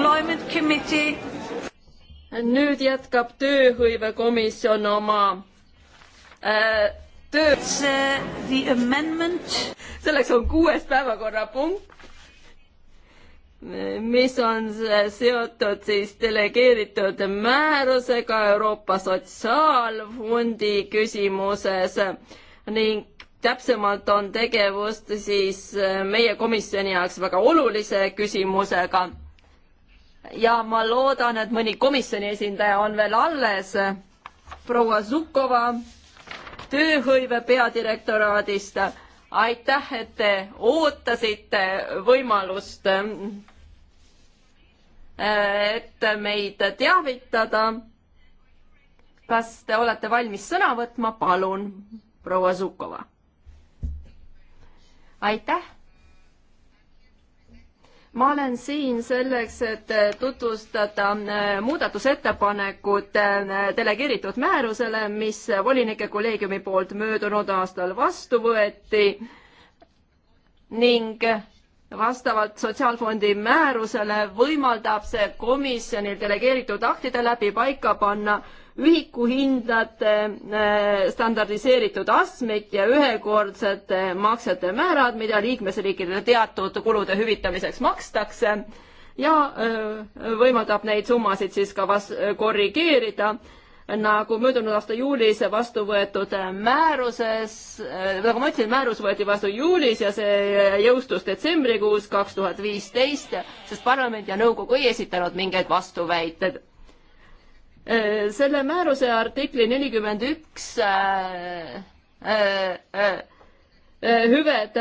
Employment Committee. nüüd jätkab tööhõivekomisjon oma äh, tööd. The amendment. selleks on kuues päevakorrapunkt, mis on seotud siis delegeeritud määrusega Euroopa Sotsiaalfondi küsimuses ning täpsemalt on tegevust siis meie komisjoni jaoks väga olulise küsimusega ja ma loodan, et mõni komisjoni esindaja on veel alles. proua Zukova tööhõive peadirektoraadist, aitäh, et te ootasite võimalust, et meid teavitada. kas te olete valmis sõna võtma, palun, proua Zukova? aitäh ma olen siin selleks, et äh, tutvustada äh, muudatusettepanekut äh, delegeeritud määrusele, mis volinike kolleegiumi poolt möödunud aastal vastu võeti ning vastavalt Sotsiaalfondi määrusele võimaldab see komisjonil delegeeritud aktide läbi paika panna ühikuhindade äh, standardiseeritud astmed ja ühekordsete maksete määrad, mida liikmesriikidele teatud kulude hüvitamiseks makstakse ja äh, võimaldab neid summasid siis ka vas-, korrigeerida, nagu möödunud aasta juulis vastu võetud määruses, äh, nagu ma ütlesin, määrus võeti vastu juulis ja see jõustus detsembrikuus kaks tuhat viisteist, sest parlament ja nõukogu ei esitanud mingeid vastuväiteid Äh, selle määruse artikli nelikümmend üks äh, äh, hüved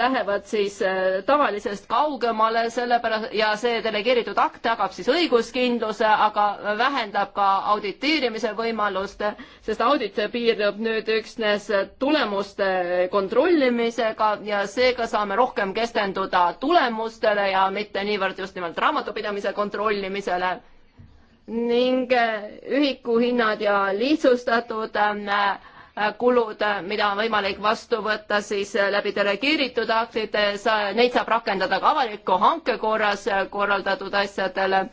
lähevad siis tavalisest kaugemale, sellepärast ja see delegeeritud akt tagab siis õiguskindluse, aga vähendab ka auditeerimise võimalust, sest audit piirdub nüüd üksnes tulemuste kontrollimisega ja seega saame rohkem keskenduda tulemustele ja mitte niivõrd just nimelt raamatupidamise kontrollimisele ning äh, ühikuhinnad ja lihtsustatud äh, äh, kulud, mida on võimalik vastu võtta siis läbi delegeeritud aktide, sa, neid saab rakendada ka avaliku hanke korras korraldatud asjadele.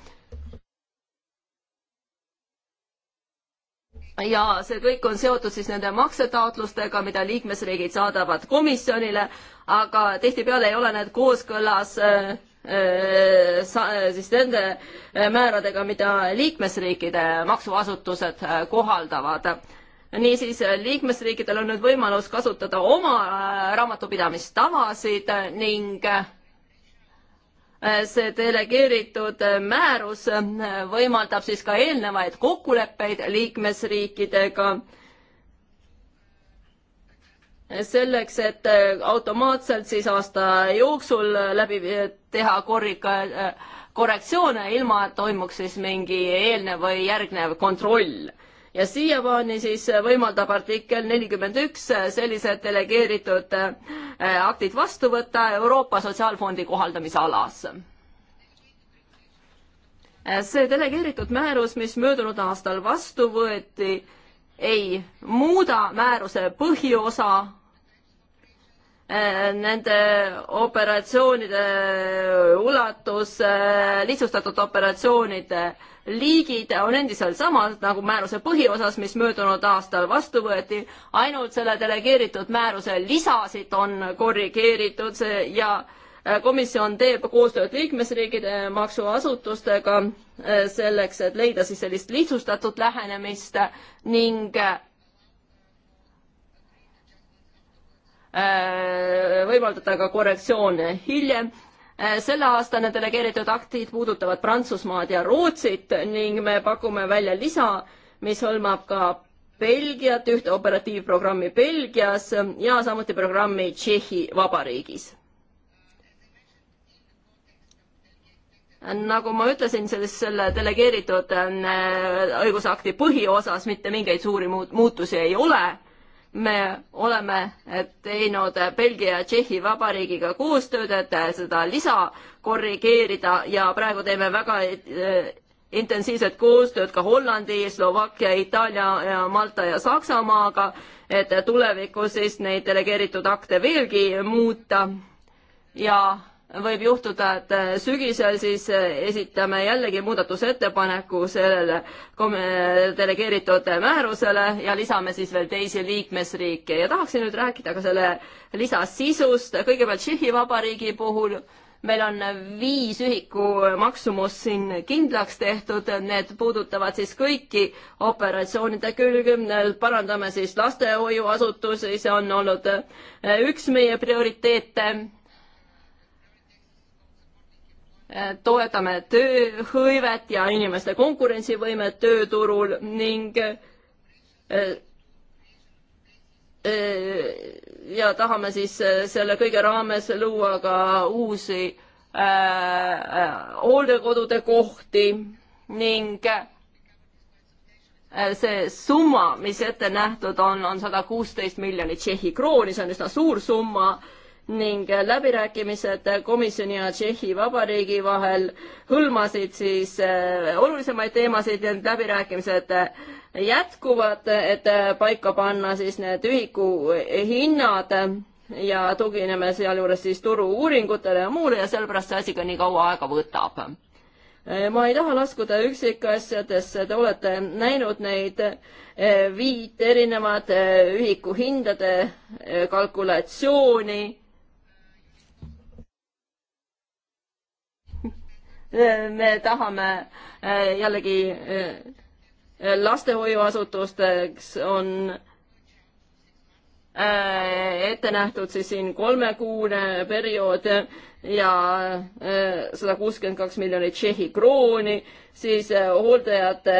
ja see kõik on seotud siis nende maksetaotlustega, mida liikmesriigid saadavad komisjonile, aga tihtipeale ei ole need kooskõlas siis nende määradega, mida liikmesriikide maksuasutused kohaldavad. niisiis, liikmesriikidel on nüüd võimalus kasutada oma äh, raamatupidamistavasid ning äh, see delegeeritud määrus äh, võimaldab siis ka eelnevaid kokkuleppeid liikmesriikidega selleks, et automaatselt siis aasta jooksul läbi teha korrika-, korrektsioone, ilma et toimuks siis mingi eelnev või järgnev kontroll. ja siiamaani siis võimaldab artikkel nelikümmend üks sellised delegeeritud äh, aktid vastu võtta Euroopa Sotsiaalfondi kohaldamise alas äh, see delegeeritud määrus, mis möödunud aastal vastu võeti, ei muuda määruse põhiosa, nende operatsioonide ulatus, lihtsustatud operatsioonide liigid on endiselt samad nagu määruse põhiosas, mis möödunud aastal vastu võeti, ainult selle delegeeritud määruse lisasid on korrigeeritud ja äh, komisjon teeb koostööd liikmesriikide maksuasutustega äh, selleks, et leida siis sellist lihtsustatud lähenemist ning äh, Äh, võimaldada ka korrektsioone hiljem. Äh, selleaastane delegeeritud aktid puudutavad Prantsusmaad ja Rootsit ning me pakume välja lisa, mis hõlmab ka Belgiat, ühte operatiivprogrammi Belgias ja samuti programmi Tšehhi Vabariigis. nagu ma ütlesin, selles selle delegeeritud äh, õigusakti põhiosas mitte mingeid suuri muut-, muutusi ei ole me oleme teinud Belgia ja Tšehhi Vabariigiga koostööd, et seda lisa korrigeerida ja praegu teeme väga eh, intensiivset koostööd ka Hollandi, Slovakkia, Itaalia ja Malta ja Saksamaaga, et tulevikus siis neid delegeeritud akte veelgi muuta ja võib juhtuda, et äh, sügisel siis äh, esitame jällegi muudatusettepaneku sellele äh, delegeeritud määrusele ja lisame siis veel teisi liikmesriike ja tahaksin nüüd rääkida ka selle lisa sisust. kõigepealt Tšehhi Vabariigi puhul meil on viis ühiku maksumus siin kindlaks tehtud, need puudutavad siis kõiki operatsioonide külgümnel, parandame siis lastehoiuasutusi, see on olnud üks meie prioriteete Eh, toetame tööhõivet ja inimeste konkurentsivõimet tööturul ning eh, eh, ja tahame siis selle kõige raames luua ka uusi hooldekodude kohti ning see summa, mis ette nähtud on, on sada kuusteist miljonit Tšehhi krooni, see on üsna suur summa ning läbirääkimised komisjoni ja Tšehhi Vabariigi vahel hõlmasid siis äh, olulisemaid teemasid ja need läbirääkimised äh, jätkuvad, et äh, paika panna siis need ühikuhinnad ja tugineme sealjuures siis turu-uuringutele ja muule ja sellepärast see asi ka nii kaua aega võtab. ma ei taha laskuda üksikasjadesse, te olete näinud neid viit erinevat ühikuhindade kalkulatsiooni me tahame äh, jällegi äh, lastehoiuasutusteks on äh, ette nähtud siis siin kolmekuune periood ja sada kuuskümmend kaks miljonit Tšehhi krooni, siis hooldajate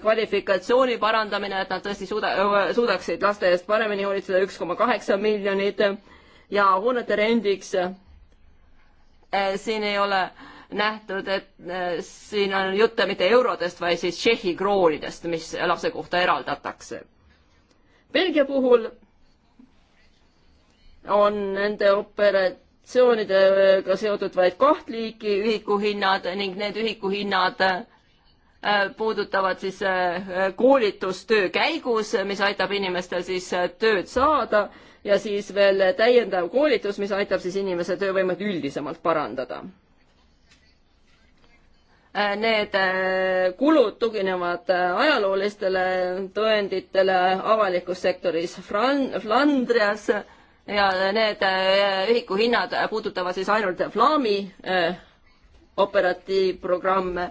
kvalifikatsiooni parandamine, et nad tõesti suuda, suudaksid laste eest paremini hoolitseda, üks koma kaheksa miljonit ja hoonete rendiks siin ei ole äh, nähtud, et äh, siin on juttu mitte eurodest, vaid siis Tšehhi kroonidest, mis lapse kohta eraldatakse. Belgia puhul on nende operatsioonidega seotud vaid kaht liiki ühikuhinnad ning need ühikuhinnad äh, puudutavad siis äh, koolitustöö käigus, mis aitab inimestel siis tööd saada ja siis veel täiendav koolitus, mis aitab siis inimese töövõimet üldisemalt parandada Äh, need äh, kulud tuginevad äh, ajaloolistele tõenditele avalikus sektoris Fran-, Flandrias ja need ühiku hinnad puudutavad siis ainult Flami operatiivprogramme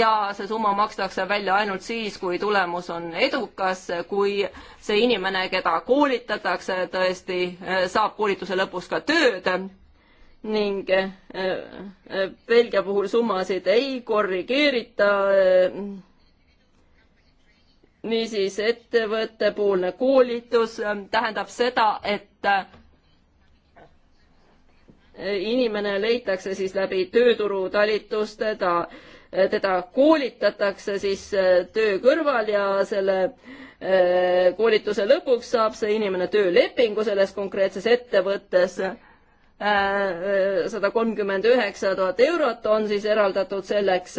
ja see summa makstakse välja ainult siis, kui tulemus on edukas, kui see inimene, keda koolitatakse, tõesti saab koolituse lõpus ka tööd ning eh, eh, Belgia puhul summasid ei korrigeerita. Eh, niisiis, ettevõttepoolne koolitus tähendab seda, et inimene leitakse siis läbi tööturutalituste, ta, teda koolitatakse siis töö kõrval ja selle koolituse lõpuks saab see inimene töölepingu selles konkreetses ettevõttes sada kolmkümmend üheksa tuhat eurot on siis eraldatud selleks.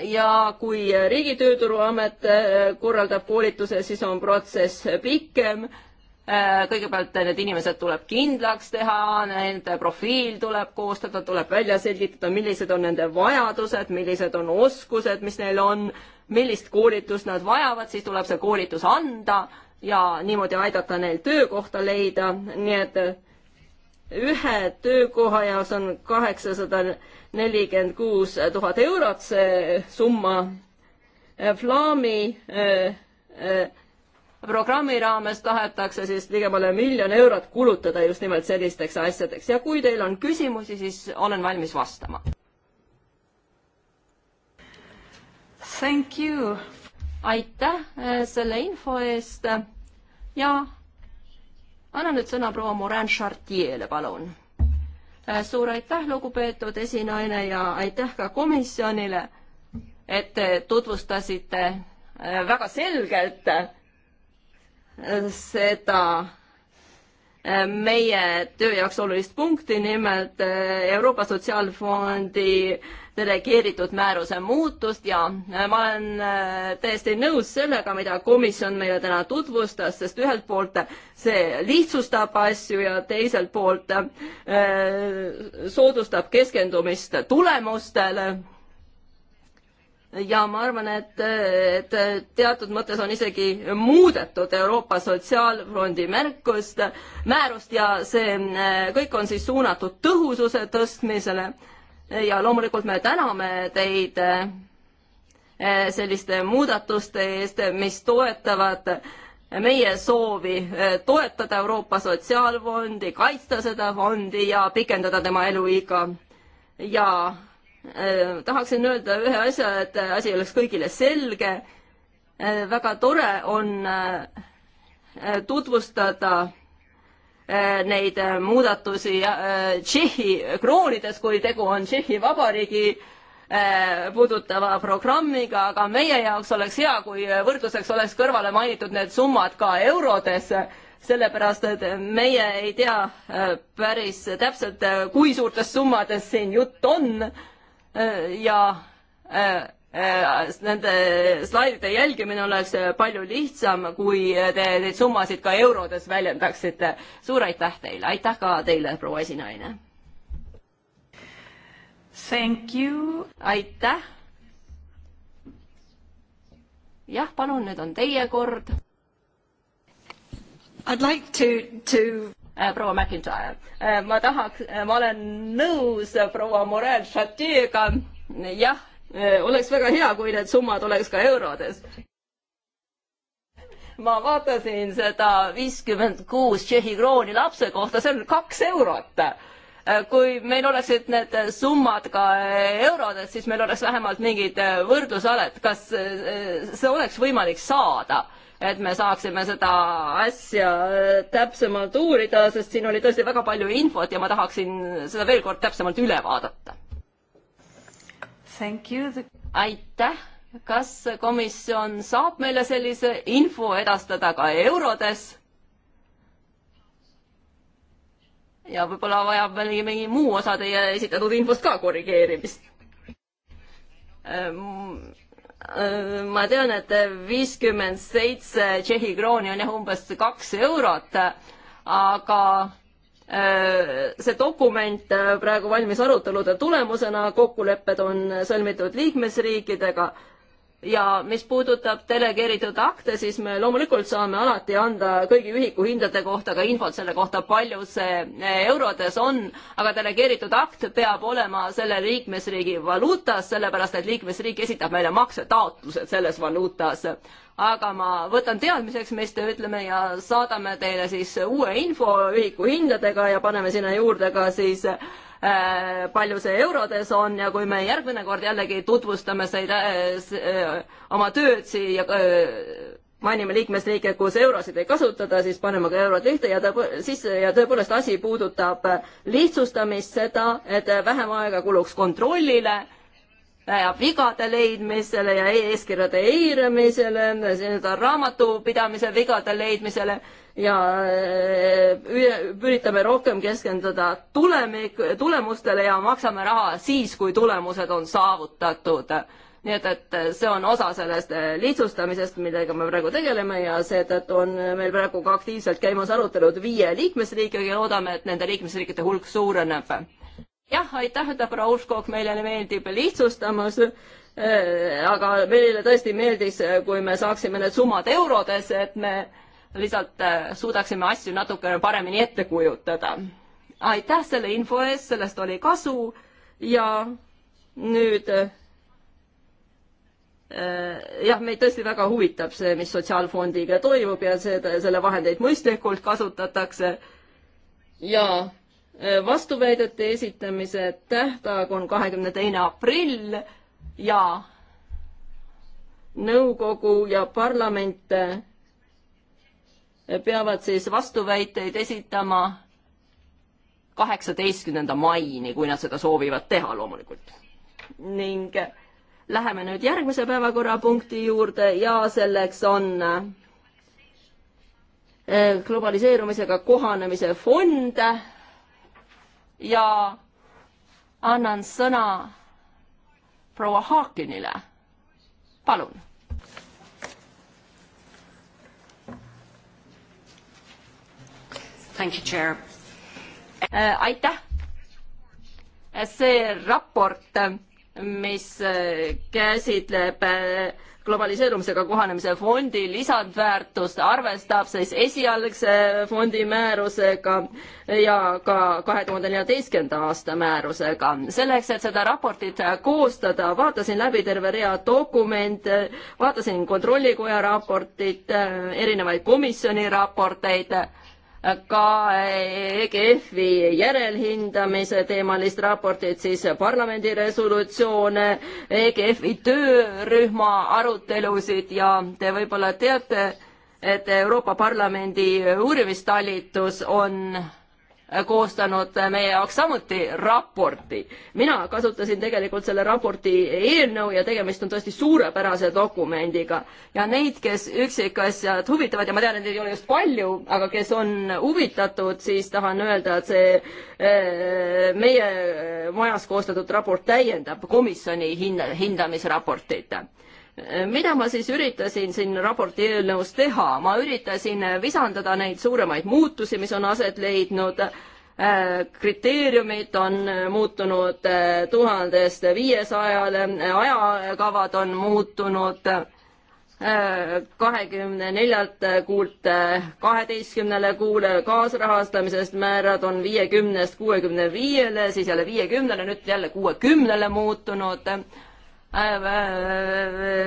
ja kui Riigi Tööturuamet äh, korraldab koolituse, siis on protsess pikem. Äh, kõigepealt need inimesed tuleb kindlaks teha, nende profiil tuleb koostada, tuleb välja selgitada, millised on nende vajadused, millised on oskused, mis neil on, millist koolitust nad vajavad, siis tuleb see koolitus anda ja niimoodi aidata neil töökohta leida, nii et ühe töökoha jaoks on kaheksasada nelikümmend kuus tuhat eurot see summa. Flaami äh, äh, programmi raames tahetakse siis ligemale miljon eurot kulutada just nimelt sellisteks asjadeks ja kui teil on küsimusi, siis olen valmis vastama. Thank you aitäh äh, selle info eest ja annan nüüd sõna proua Morin Chartier'le, palun. Äh, suur aitäh, lugupeetud esinaine ja aitäh ka komisjonile, et te tutvustasite äh, väga selgelt seda meie töö jaoks olulist punkti, nimelt Euroopa Sotsiaalfondi delegeeritud määruse muutust ja ma olen äh, täiesti nõus sellega, mida komisjon meile täna tutvustas, sest ühelt poolt see lihtsustab asju ja teiselt poolt äh, soodustab keskendumist tulemustele ja ma arvan, et, et teatud mõttes on isegi muudetud Euroopa Sotsiaalfondi märkust, määrust ja see äh, kõik on siis suunatud tõhususe tõstmisele ja loomulikult me täname teid eh, selliste muudatuste eest, mis toetavad meie soovi eh, toetada Euroopa Sotsiaalfondi, kaitsta seda fondi ja pikendada tema eluiga. ja eh, tahaksin öelda ühe asja, et asi oleks kõigile selge eh,. väga tore on eh, tutvustada Äh, neid äh, muudatusi äh, Tšehhi kroonides, kui tegu on Tšehhi Vabariigi puudutava programmiga, aga meie jaoks oleks hea, kui võrdluseks oleks kõrvale mainitud need summad ka eurodes, sellepärast et meie ei tea päris täpselt, kui suurtest summadest siin jutt on ja Äh, nende slaidide jälgimine oleks palju lihtsam, kui te neid summasid ka eurodes väljendaksite. suur aitäh teile, aitäh ka teile, proua esinaine. Thank you. aitäh. jah, palun, nüüd on teie kord. I'd like to, to äh, proua McIntyre, äh, ma tahaks, ma olen nõus proua Morel Chatiega, jah Eh, oleks väga hea, kui need summad oleks ka eurodes. ma vaatasin seda viiskümmend kuus Tšehhi krooni lapse kohta, see on kaks eurot eh, kui meil oleksid need summad ka eh, eurodes, siis meil oleks vähemalt mingid võrdlusalad, kas see oleks võimalik saada, et me saaksime seda asja täpsemalt uurida, sest siin oli tõesti väga palju infot ja ma tahaksin seda veel kord täpsemalt üle vaadata. The... aitäh, kas komisjon saab meile sellise info edastada ka eurodes? ja võib-olla vajab veel mingi muu osa teie esitatud infost ka korrigeerimist ähm ma tean, et viiskümmend seitse Tšehhi krooni on jah umbes kaks eurot, aga Äh, see dokument äh, praegu valmis arutelude tulemusena, kokkulepped on sõlmitud liikmesriikidega ja mis puudutab delegeeritud akte, siis me loomulikult saame alati anda kõigi ühikuhindade kohta ka infot selle kohta, palju see eh, eurodes on, aga delegeeritud akt peab olema selle liikmesriigi valuutas, sellepärast et liikmesriik esitab meile maksetaotlused selles valuutas. aga ma võtan teadmiseks, mis te ütleme ja saadame teile siis uue info ühikuhindadega ja paneme sinna juurde ka siis äh, Äh, palju see eurodes on ja kui me järgmine kord jällegi tutvustame seda, äh, oma tööd siia, äh, mainime liikmesriike, kus eurosid ei kasutata, siis paneme ka eurod lihtne ja tõepo-, siis ja tõepoolest asi puudutab lihtsustamist, seda, et vähem aega kuluks kontrollile ja vigade leidmisele ja e- eeskirjade eiramisele, nii-öelda raamatupidamise vigade leidmisele ja äh, üritame rohkem keskenduda tulemik, tulemustele ja maksame raha siis, kui tulemused on saavutatud. nii et, et see on osa sellest äh, lihtsustamisest, millega me praegu tegeleme ja seetõttu on meil praegu ka aktiivselt käimas arutelud viie liikmesriigiga ja loodame, et nende liikmesriikide hulk suureneb jah, aitäh, ütleb proua Uskok, meile meeldib lihtsustamas äh, aga meile tõesti meeldis, kui me saaksime need summad eurodes, et me lihtsalt äh, suudaksime asju natukene paremini ette kujutada. aitäh selle info eest, sellest oli kasu ja nüüd äh, jah, meid tõesti väga huvitab see, mis Sotsiaalfondiga toimub ja see, selle vahendeid mõistlikult kasutatakse ja vastuväidete esitamise tähtaeg on kahekümne teine aprill ja nõukogu ja parlament peavad siis vastuväiteid esitama kaheksateistkümnenda maini, kui nad seda soovivad teha loomulikult. ning läheme nüüd järgmise päevakorrapunkti juurde ja selleks on eh, globaliseerumisega kohanemise fond ja annan sõna proua Haakinile. palun. Äh, aitäh. see raport äh, mis äh, käsitleb äh, globaliseerumisega kohanemise fondi lisandväärtust, arvestab siis esialgse fondi määrusega ja ka kahe tuhande neljateistkümnenda aasta määrusega. selleks, et seda raportit koostada, vaatasin läbi terve rea dokumente, vaatasin Kontrollikoja raportit, äh, erinevaid komisjoni raporteid ka EGF-i järelhindamise teemalist raportit, siis parlamendi resolutsioone, EGF-i töörühma arutelusid ja te võib-olla teate, et Euroopa Parlamendi uurimistalitus on koostanud meie jaoks samuti raporti. mina kasutasin tegelikult selle raporti eelnõu ja tegemist on tõesti suurepärase dokumendiga ja neid, kes üksikasjad huvitavad ja ma tean, et neid ei ole just palju, aga kes on huvitatud, siis tahan öelda, et see eh, meie majas koostatud raport täiendab komisjoni hinda, hindamisraportit mida ma siis üritasin siin raporti eelnõus teha? ma üritasin visandada neid suuremaid muutusi, mis on aset leidnud, äh, kriteeriumid on muutunud äh, tuhandest viiesajale, ajakavad on muutunud äh, kahekümne neljalt kuult kaheteistkümnele kuule, kaasrahastamisest määrad on viiekümnest kuuekümne viiele, siis jälle viiekümnele, nüüd jälle kuuekümnele muutunud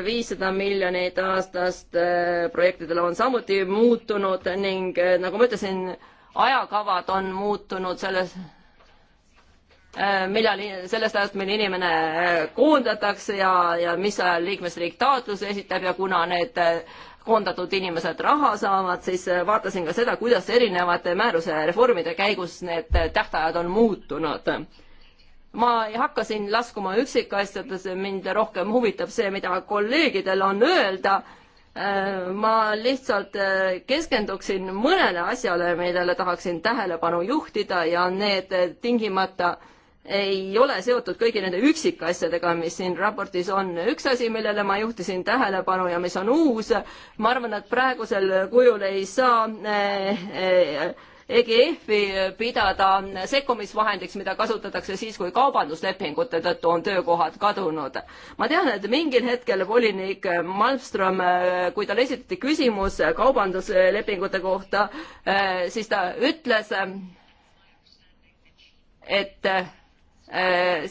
viissada miljonit aastast äh, projektidele on samuti muutunud ning äh, nagu ma ütlesin, ajakavad on muutunud selles, äh, millal, sellest ajast, mil inimene koondatakse ja, ja mis ajal liikmesriik taotluse esitab ja kuna need koondatud inimesed raha saavad, siis vaatasin ka seda, kuidas erinevate määruse reformide käigus need tähtajad on muutunud ma ei hakka siin laskuma üksikasjadesse, mind rohkem huvitab see, mida kolleegidel on öelda. Äh, ma lihtsalt äh, keskenduksin mõnele asjale, millele tahaksin tähelepanu juhtida ja need äh, tingimata ei ole seotud kõigi nende üksikasjadega, mis siin raportis on. üks asi, millele ma juhtisin tähelepanu ja mis on uus, ma arvan, et praegusel kujul ei saa eh, eh, EGF-i pidada sekkumisvahendiks, mida kasutatakse siis, kui kaubanduslepingute tõttu on töökohad kadunud. ma tean, et mingil hetkel volinik Malmström, kui talle esitati küsimus kaubanduslepingute kohta, siis ta ütles, et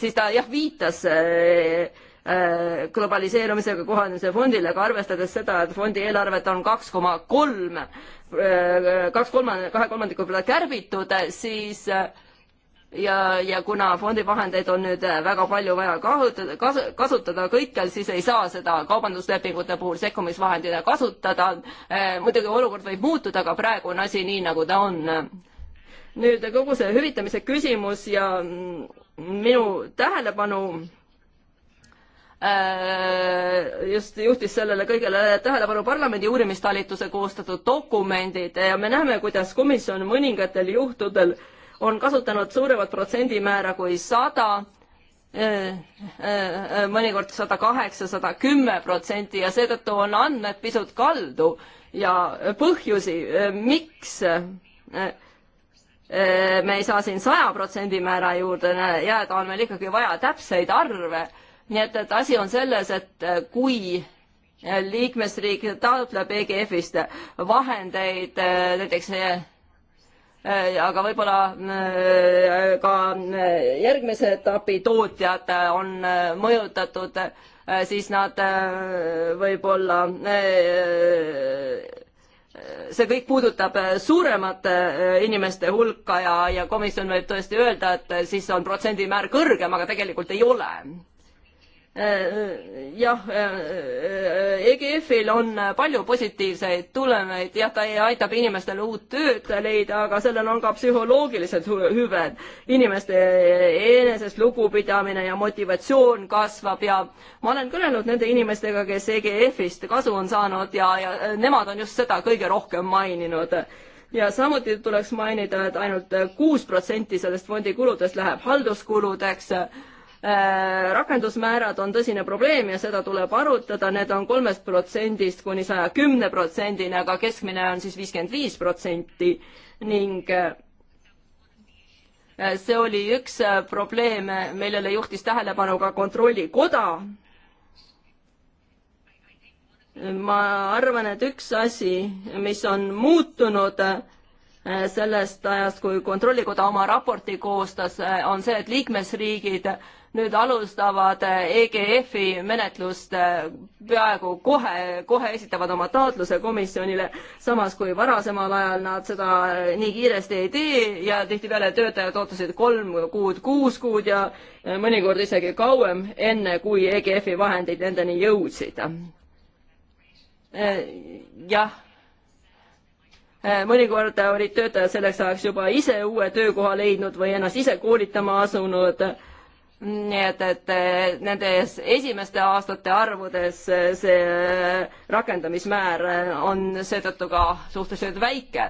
siis ta jah, viitas Äh, globaliseerumisega kohanemise fondile, aga arvestades seda, et fondi eelarvet on kaks koma kolm, äh, kaks kolmand-, kahe kolmandiku peale kärbitud, siis ja, ja kuna fondi vahendeid on nüüd väga palju vaja kasutada, kas-, kasutada kõikjal, siis ei saa seda kaubanduslepingute puhul sekkumisvahendina kasutada. Äh, muidugi olukord võib muutuda, aga praegu on asi nii, nagu ta on. nüüd kogu see hüvitamise küsimus ja mm, minu tähelepanu Äh, just juhtis sellele kõigele tähelepanu parlamendi uurimistalituse koostatud dokumendid ja me näeme, kuidas komisjon mõningatel juhtudel on kasutanud suuremat protsendimäära kui sada, äh, äh, mõnikord sada kaheksa, sada kümme protsenti ja seetõttu on andmed pisut kaldu ja põhjusi, miks me ei saa siin saja protsendi määra juurde jääda, on meil ikkagi vaja täpseid arve nii et, et asi on selles, et äh, kui äh, liikmesriik taotleb EGF-ist äh, vahendeid näiteks aga võib-olla ka järgmise etapi tootjad on mõjutatud, siis nad võib-olla, see kõik puudutab suuremat inimeste hulka ja, ja komisjon võib tõesti öelda, et siis on protsendimäär kõrgem, aga tegelikult ei ole Äh, äh, jah, äh, EGF-il on palju positiivseid tulemeid, jah, ta aitab inimestel uut tööd leida, aga sellel on ka psühholoogilised hüved. inimeste enesest lugupidamine ja motivatsioon kasvab ja ma olen kõnelenud nende inimestega, kes EGF-ist kasu on saanud ja, ja nemad on just seda kõige rohkem maininud ja samuti tuleks mainida et, et ainult kuus protsenti sellest fondi kuludest läheb halduskuludeks Äh, rakendusmäärad on tõsine probleem ja seda tuleb arutada, need on kolmest protsendist kuni saja kümne protsendini, aga keskmine on siis viiskümmend viis protsenti ning äh, see oli üks äh, probleem, millele juhtis tähelepanu ka Kontrollikoda. ma arvan, et üks asi, mis on muutunud, Eh, sellest ajast, kui Kontrollikoda oma raporti koostas, eh, on see, et liikmesriigid nüüd alustavad EGF-i eh, e menetlust peaaegu kohe, kohe esitavad oma taotluse komisjonile, samas kui varasemal ajal nad seda nii kiiresti ei tee ja tihtipeale töötajad ootasid kolm kuud, kuus kuud ja mõnikord isegi kauem, enne kui EGF-i vahendid nendeni jõudsid. jah Äh, mõnikord olid töötajad selleks ajaks juba ise uue töökoha leidnud või ennast ise koolitama asunud. nii et, et äh, nendes esimeste aastate arvudes äh, see rakendamismäär on seetõttu ka suhteliselt väike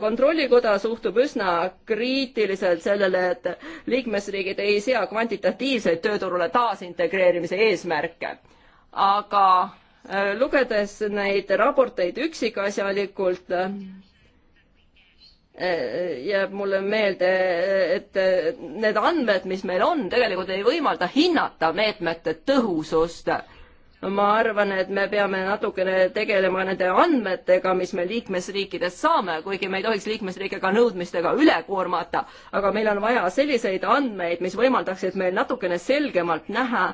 kontrollikoda suhtub üsna kriitiliselt sellele, et liikmesriigid ei sea kvantitatiivseid tööturule taasintegreerimise eesmärke. aga Äh, lugedes neid raporteid üksikasjalikult, äh, jääb mulle meelde, et äh, need andmed, mis meil on, tegelikult ei võimalda hinnata meetmete tõhusust. ma arvan, et me peame natukene tegelema nende andmetega, mis me liikmesriikidest saame, kuigi me ei tohiks liikmesriike ka nõudmistega üle koormata, aga meil on vaja selliseid andmeid, mis võimaldaksid meil natukene selgemalt näha,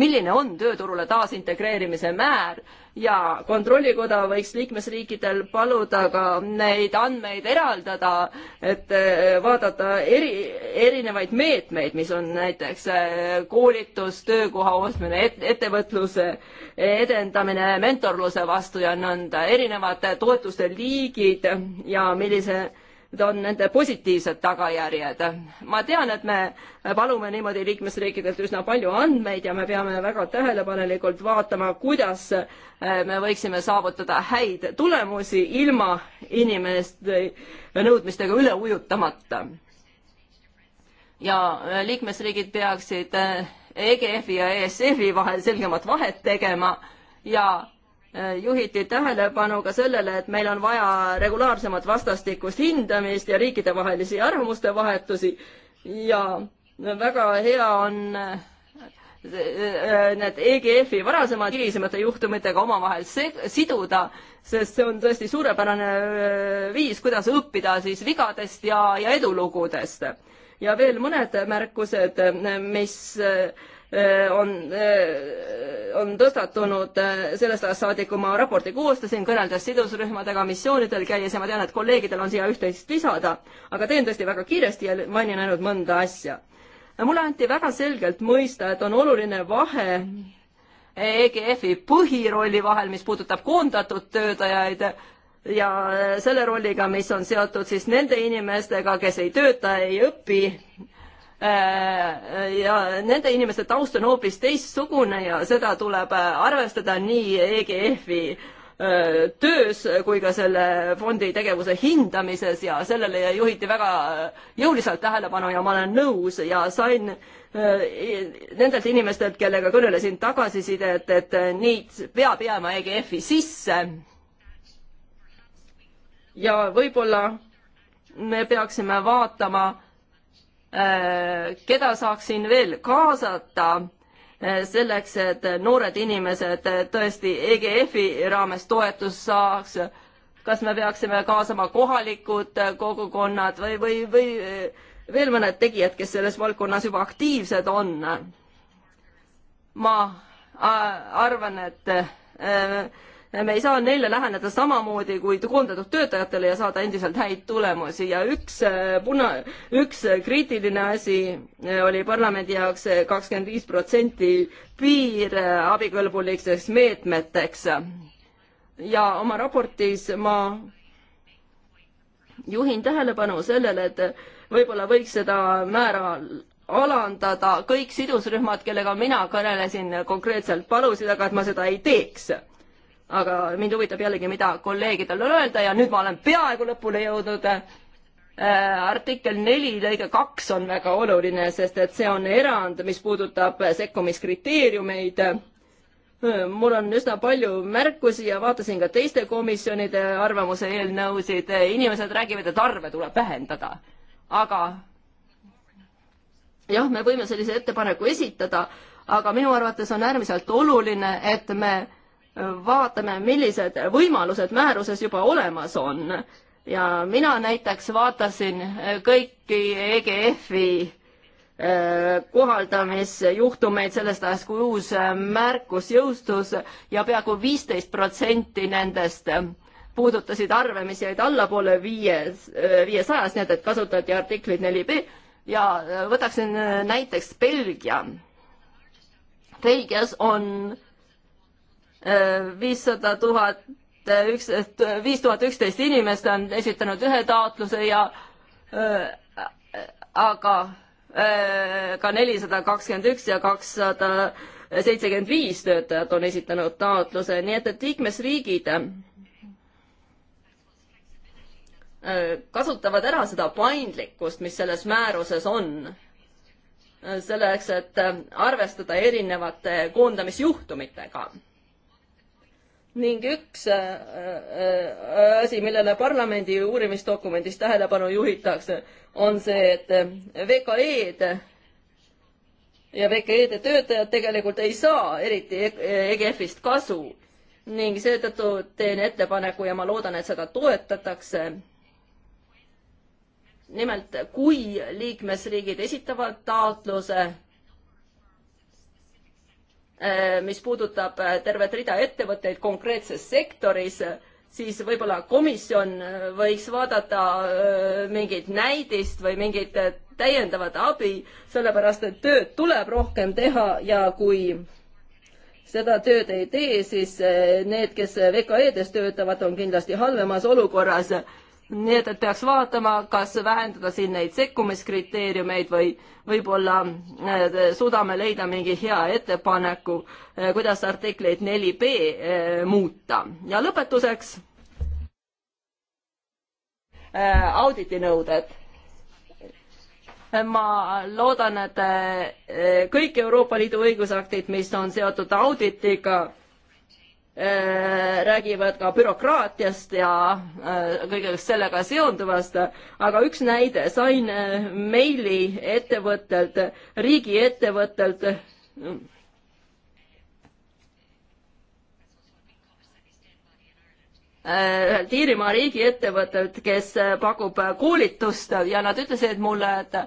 milline on tööturule taasintegreerimise määr ja Kontrollikoda võiks liikmesriikidel paluda ka neid andmeid eraldada, et äh, vaadata eri, erinevaid meetmeid, mis on näiteks äh, koolitus, töökoha ostmine et,, ettevõtluse edendamine mentorluse vastu ja nõnda, erinevate toetuste liigid ja millise on nende positiivsed tagajärjed. ma tean, et me palume niimoodi liikmesriikidelt üsna palju andmeid ja me peame väga tähelepanelikult vaatama, kuidas eh, me võiksime saavutada häid tulemusi ilma inimeste nõudmistega üle ujutamata. ja liikmesriigid peaksid EGF-i eh, e ja ESF-i vahel selgemat vahet tegema ja Äh, juhiti tähelepanu ka sellele, et meil on vaja regulaarsemat vastastikust hindamist ja riikidevahelisi arvamuste vahetusi ja väga hea on äh, need EGF-i varasemad hilisemate juhtumitega omavahel siduda, sest see on tõesti suurepärane äh, viis, kuidas õppida siis vigadest ja, ja edulugudest. ja veel mõned märkused, mis on on tõstatunud äh, sellest ajast saadik, kui ma raporti koostasin, kõneldes sidusrühmadega missioonidel käies ja ma tean, et kolleegidel on siia üht-teist lisada, aga teen tõesti väga kiiresti ja mainin ainult mõnda asja. mulle anti väga selgelt mõista, et on oluline vahe EGF-i põhirolli vahel, mis puudutab koondatud töötajaid ja selle rolliga, mis on seotud siis nende inimestega, kes ei tööta, ei õpi Äh, ja nende inimeste taust on hoopis teistsugune ja seda tuleb äh, arvestada nii EGF-i äh, töös kui ka selle fondi tegevuse hindamises ja sellele juhiti väga jõuliselt tähelepanu ja ma olen nõus ja sain nendelt inimestelt, kellega kõnelesin, tagasisidet, et neid peab jääma EGF-i sisse. ja võib-olla me peaksime vaatama Äh, keda saaksin veel kaasata äh, selleks, et noored inimesed äh, tõesti EGF-i raames toetust saaks, kas me peaksime kaasama kohalikud kogukonnad või, või, või veel mõned tegijad, kes selles valdkonnas juba aktiivsed on. ma arvan, et me ei saa neile läheneda samamoodi kui koondatud töötajatele ja saada endiselt häid tulemusi ja üks äh, puna, üks kriitiline asi äh, oli parlamendi jaoks äh, kakskümmend viis protsenti piir abikõlbulikeks meetmeteks. ja oma raportis ma juhin tähelepanu sellele, et võib-olla võiks seda määra alandada, kõik sidusrühmad, kellega mina kõnelesin, konkreetselt palusid, aga et ma seda ei teeks aga mind huvitab jällegi, mida kolleegidel on öelda ja nüüd ma olen peaaegu lõpule jõudnud äh, artikkel neli lõige kaks on väga oluline, sest et see on erand, mis puudutab sekkumiskriteeriumeid. Äh, mul on üsna palju märkusi ja vaatasin ka teiste komisjonide arvamuse eelnõusid, inimesed räägivad, et arve tuleb vähendada, aga jah, me võime sellise ettepaneku esitada, aga minu arvates on äärmiselt oluline, et me vaatame, millised võimalused määruses juba olemas on. ja mina näiteks vaatasin kõiki EGF-i äh, kohaldamisjuhtumeid sellest ajast, kui uus äh, märkus jõustus ja peaaegu viisteist protsenti nendest äh, puudutasid arve, mis jäid allapoole viies, viiesajast, nii et, et kasutati artiklit neli B ja võtaksin näiteks Belgia. Belgias on viissada tuhat üks, viis tuhat üksteist inimest on esitanud ühe taotluse ja äh, aga äh, ka nelisada kakskümmend üks ja kakssada seitsekümmend viis töötajat on esitanud taotluse, nii et, et liikmesriigid äh, kasutavad ära seda paindlikkust, mis selles määruses on, selleks, et arvestada erinevate koondamisjuhtumitega ning üks äh, äh, äh, asi, millele parlamendi uurimisdokumendis tähelepanu juhitakse, on see, et VKE-d ja VKE-de töötajad tegelikult ei saa eriti EGF-ist e kasu ning seetõttu teen ettepaneku ja ma loodan, et seda toetatakse. nimelt, kui liikmesriigid esitavad taotluse Äh, mis puudutab äh, tervet rida ettevõtteid konkreetses sektoris, äh, siis võib-olla komisjon võiks vaadata mingit näidist või mingit täiendavat abi, sellepärast et tööd tuleb rohkem teha ja kui seda tööd ei tee, siis need, kes VKE-des töötavad, on kindlasti halvemas olukorras nii et, et peaks vaatama, kas vähendada siin neid sekkumiskriteeriumeid või võib-olla äh, suudame leida mingi hea ettepaneku, äh, kuidas artikleid neli B äh, muuta. ja lõpetuseks auditinõuded ma loodan, et kõik Euroopa Liidu õigusaktid, mis on seotud auditiga, Äh, räägivad ka bürokraatiast ja äh, kõigest sellega seonduvast, aga üks näide, sain äh, meili ettevõttelt, riigiettevõttelt, ühelt Iirimaa riigiettevõttelt, kes pakub koolitust ja nad ütlesid mulle, et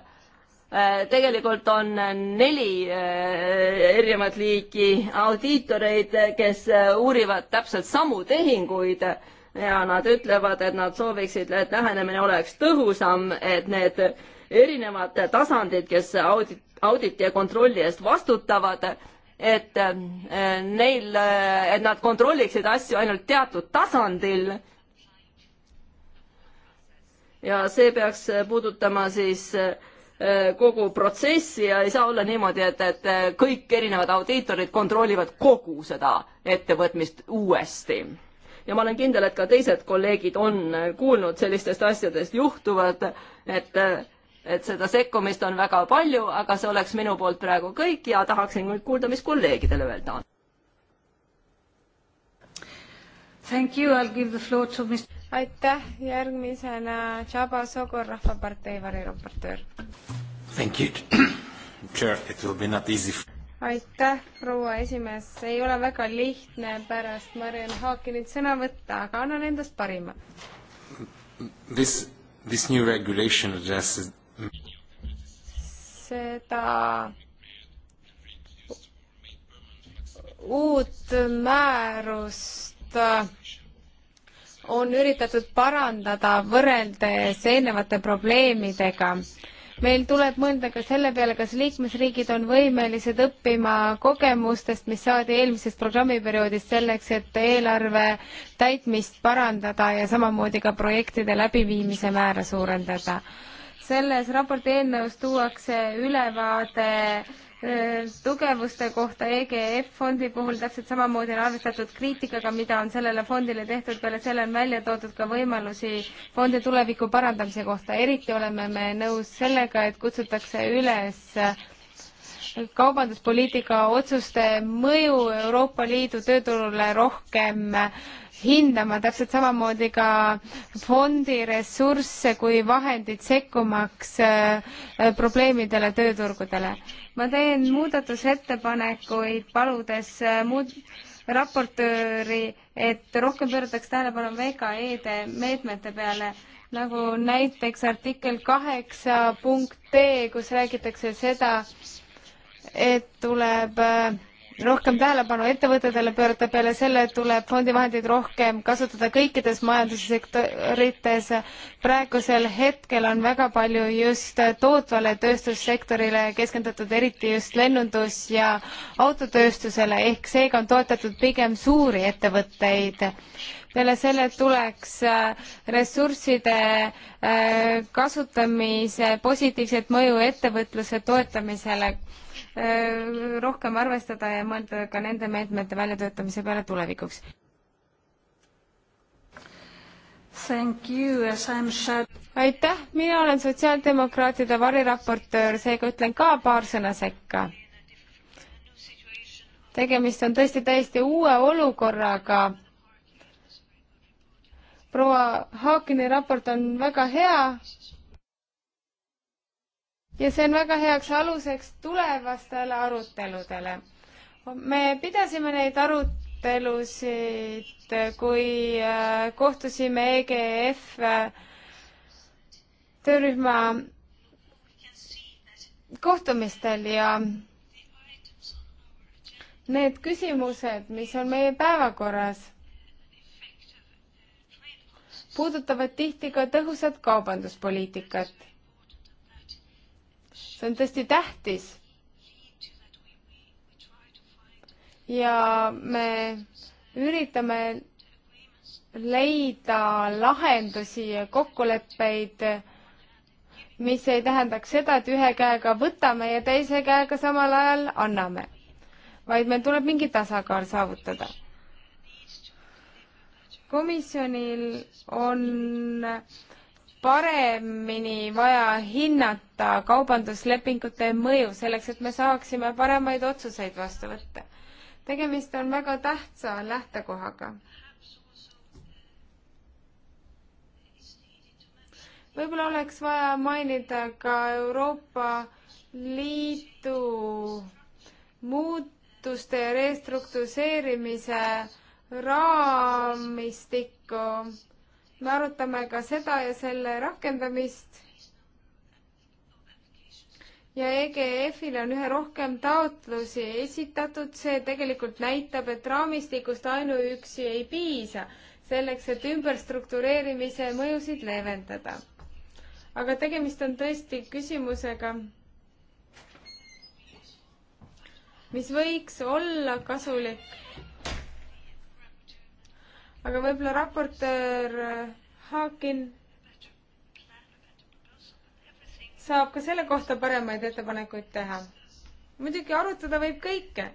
Äh, tegelikult on neli äh, erinevat liiki audiitoreid, kes äh, uurivad täpselt samu tehinguid ja nad ütlevad, et nad sooviksid, et lähenemine oleks tõhusam, et need erinevad tasandid, kes audit, auditi ja kontrolli eest vastutavad, et neil, et nad kontrolliksid asju ainult teatud tasandil ja see peaks puudutama siis äh, Äh, kogu protsessi ja ei saa olla niimoodi, et, et äh, kõik erinevad audiitorid kontrollivad kogu seda ettevõtmist uuesti. ja ma olen kindel, et ka teised kolleegid on äh, kuulnud sellistest asjadest juhtuvat, et et seda sekkumist on väga palju, aga see oleks minu poolt praegu kõik ja tahaksin nüüd kuulda, mis kolleegidele öelda on. Thank you, I will give the floor to Mr aitäh, järgmisena Tšaba Sogor, Rahvapartei variraportöör. Thank you, chair, it will be not easy. aitäh, proua esimees, ei ole väga lihtne pärast Mariann Haakinit sõna võtta, aga annan endast parima. This, this new regulation addresses seda uut määrust on üritatud parandada võrreldes eelnevate probleemidega meil tuleb mõelda ka selle peale, kas liikmesriigid on võimelised õppima kogemustest, mis saadi eelmisest programmiperioodist selleks, et eelarve täitmist parandada ja samamoodi ka projektide läbiviimise määra suurendada. selles raporti eelnõus tuuakse ülevaade Äh, tugevuste kohta EGF fondi puhul täpselt samamoodi on arvestatud kriitikaga, mida on sellele fondile tehtud, peale selle on välja toodud ka võimalusi fondi tuleviku parandamise kohta, eriti oleme me nõus sellega, et kutsutakse üles kaubanduspoliitika otsuste mõju Euroopa Liidu tööturule rohkem hindama, täpselt samamoodi ka fondi ressursse kui vahendid sekkumaks äh, probleemidele tööturgudele ma teen muudatusettepanekuid, paludes äh, muud-, raportööri, et rohkem pöörataks tähelepanu VKE-de meetmete peale, nagu näiteks artikkel kaheksa punkt D, kus räägitakse seda, et tuleb äh, rohkem tähelepanu ettevõtetele pöörata, peale selle tuleb fondivahendeid rohkem kasutada kõikides majandussektorites. praegusel hetkel on väga palju just tootvale tööstussektorile keskendatud, eriti just lennundus- ja autotööstusele, ehk seega on toetatud pigem suuri ettevõtteid peale selle tuleks äh, ressursside äh, kasutamise positiivset mõju ettevõtluse toetamisele Äh, rohkem arvestada ja mõelda ka nende meetmete väljatöötamise peale tulevikuks. aitäh, mina olen sotsiaaldemokraatide variraportöör, seega ütlen ka paar sõna sekka. tegemist on tõesti täiesti uue olukorraga proua Haakini raport on väga hea, ja see on väga heaks aluseks tulevastele aruteludele. me pidasime neid arutelusid, kui äh, kohtusime EGF äh, töörühma kohtumistel ja need küsimused, mis on meie päevakorras, puudutavad tihti ka tõhusat kaubanduspoliitikat see on tõesti tähtis. ja me üritame leida lahendusi ja kokkuleppeid, mis ei tähendaks seda, et ühe käega võtame ja teise käega samal ajal anname, vaid meil tuleb mingi tasakaal saavutada. komisjonil on paremini vaja hinnata kaubanduslepingute mõju, selleks et me saaksime paremaid otsuseid vastu võtta. tegemist on väga tähtsa lähtekohaga. võib-olla oleks vaja mainida ka Euroopa Liidu muutuste ja restruktuseerimise raamistikku me arutame ka seda ja selle rakendamist. ja EGF-il on üha rohkem taotlusi esitatud, see tegelikult näitab, et raamistikust ainuüksi ei piisa selleks, et ümberstruktureerimise mõjusid leevendada. aga tegemist on tõesti küsimusega, mis võiks olla kasulik aga võib-olla raportöör äh, Haakin saab ka selle kohta paremaid ettepanekuid teha. muidugi arutada võib kõike.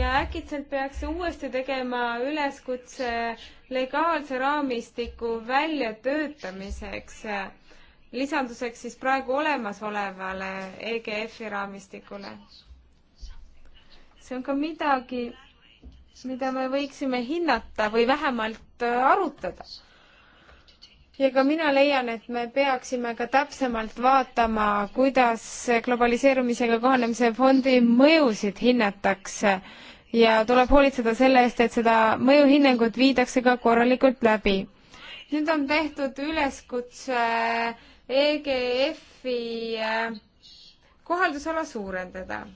ja äkitselt peaks uuesti tegema üleskutse legaalse raamistiku väljatöötamiseks lisanduseks siis praegu olemasolevale EGF-i raamistikule. see on ka midagi, mida me võiksime hinnata või vähemalt äh, arutada. ja ka mina leian, et me peaksime ka täpsemalt vaatama, kuidas globaliseerumisega kohanemise fondi mõjusid hinnatakse ja tuleb hoolitseda selle eest, et seda mõjuhinnangut viidakse ka korralikult läbi. nüüd on tehtud üleskutse äh, EGF-i äh, kohaldusala suurendada.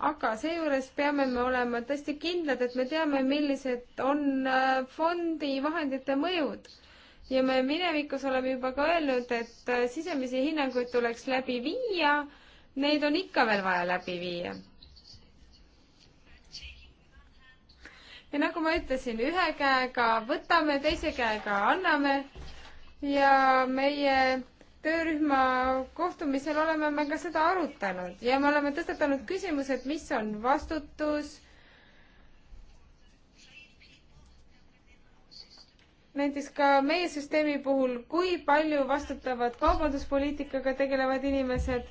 aga seejuures peame me olema tõesti kindlad, et me teame, millised on äh, fondi vahendite mõjud. ja me minevikus oleme juba ka öelnud, et äh, sisemisi hinnanguid tuleks läbi viia, neid on ikka veel vaja läbi viia ja nagu ma ütlesin, ühe käega võtame, teise käega anname ja meie töörühma kohtumisel oleme me ka seda arutanud ja me oleme tõstatanud küsimuse, et mis on vastutus näiteks ka meie süsteemi puhul, kui palju vastutavad kaubanduspoliitikaga tegelevad inimesed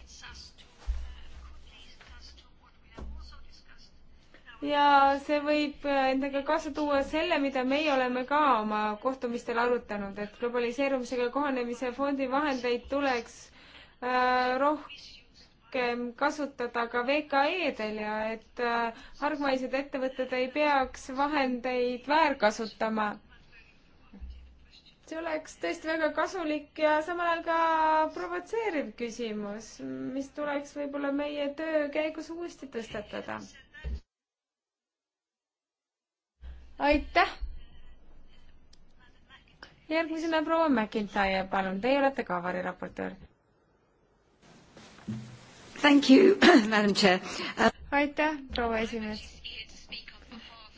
ja see võib äh, endaga kaasa tuua selle, mida meie oleme ka oma kohtumistel arutanud, et globaliseerumisega kohanemise fondi vahendeid tuleks äh, rohkem kasutada ka VKE-del ja et äh, hargmaised ettevõtted ei peaks vahendeid väärkasutama. see oleks tõesti väga kasulik ja samal ajal ka provotseeriv küsimus, mis tuleks võib-olla meie töö käigus uuesti tõstatada aitäh! järgmisena proua McIntyre, palun, teie olete ka variraportöör. Thank you, madam chair uh.... aitäh, proua esimees.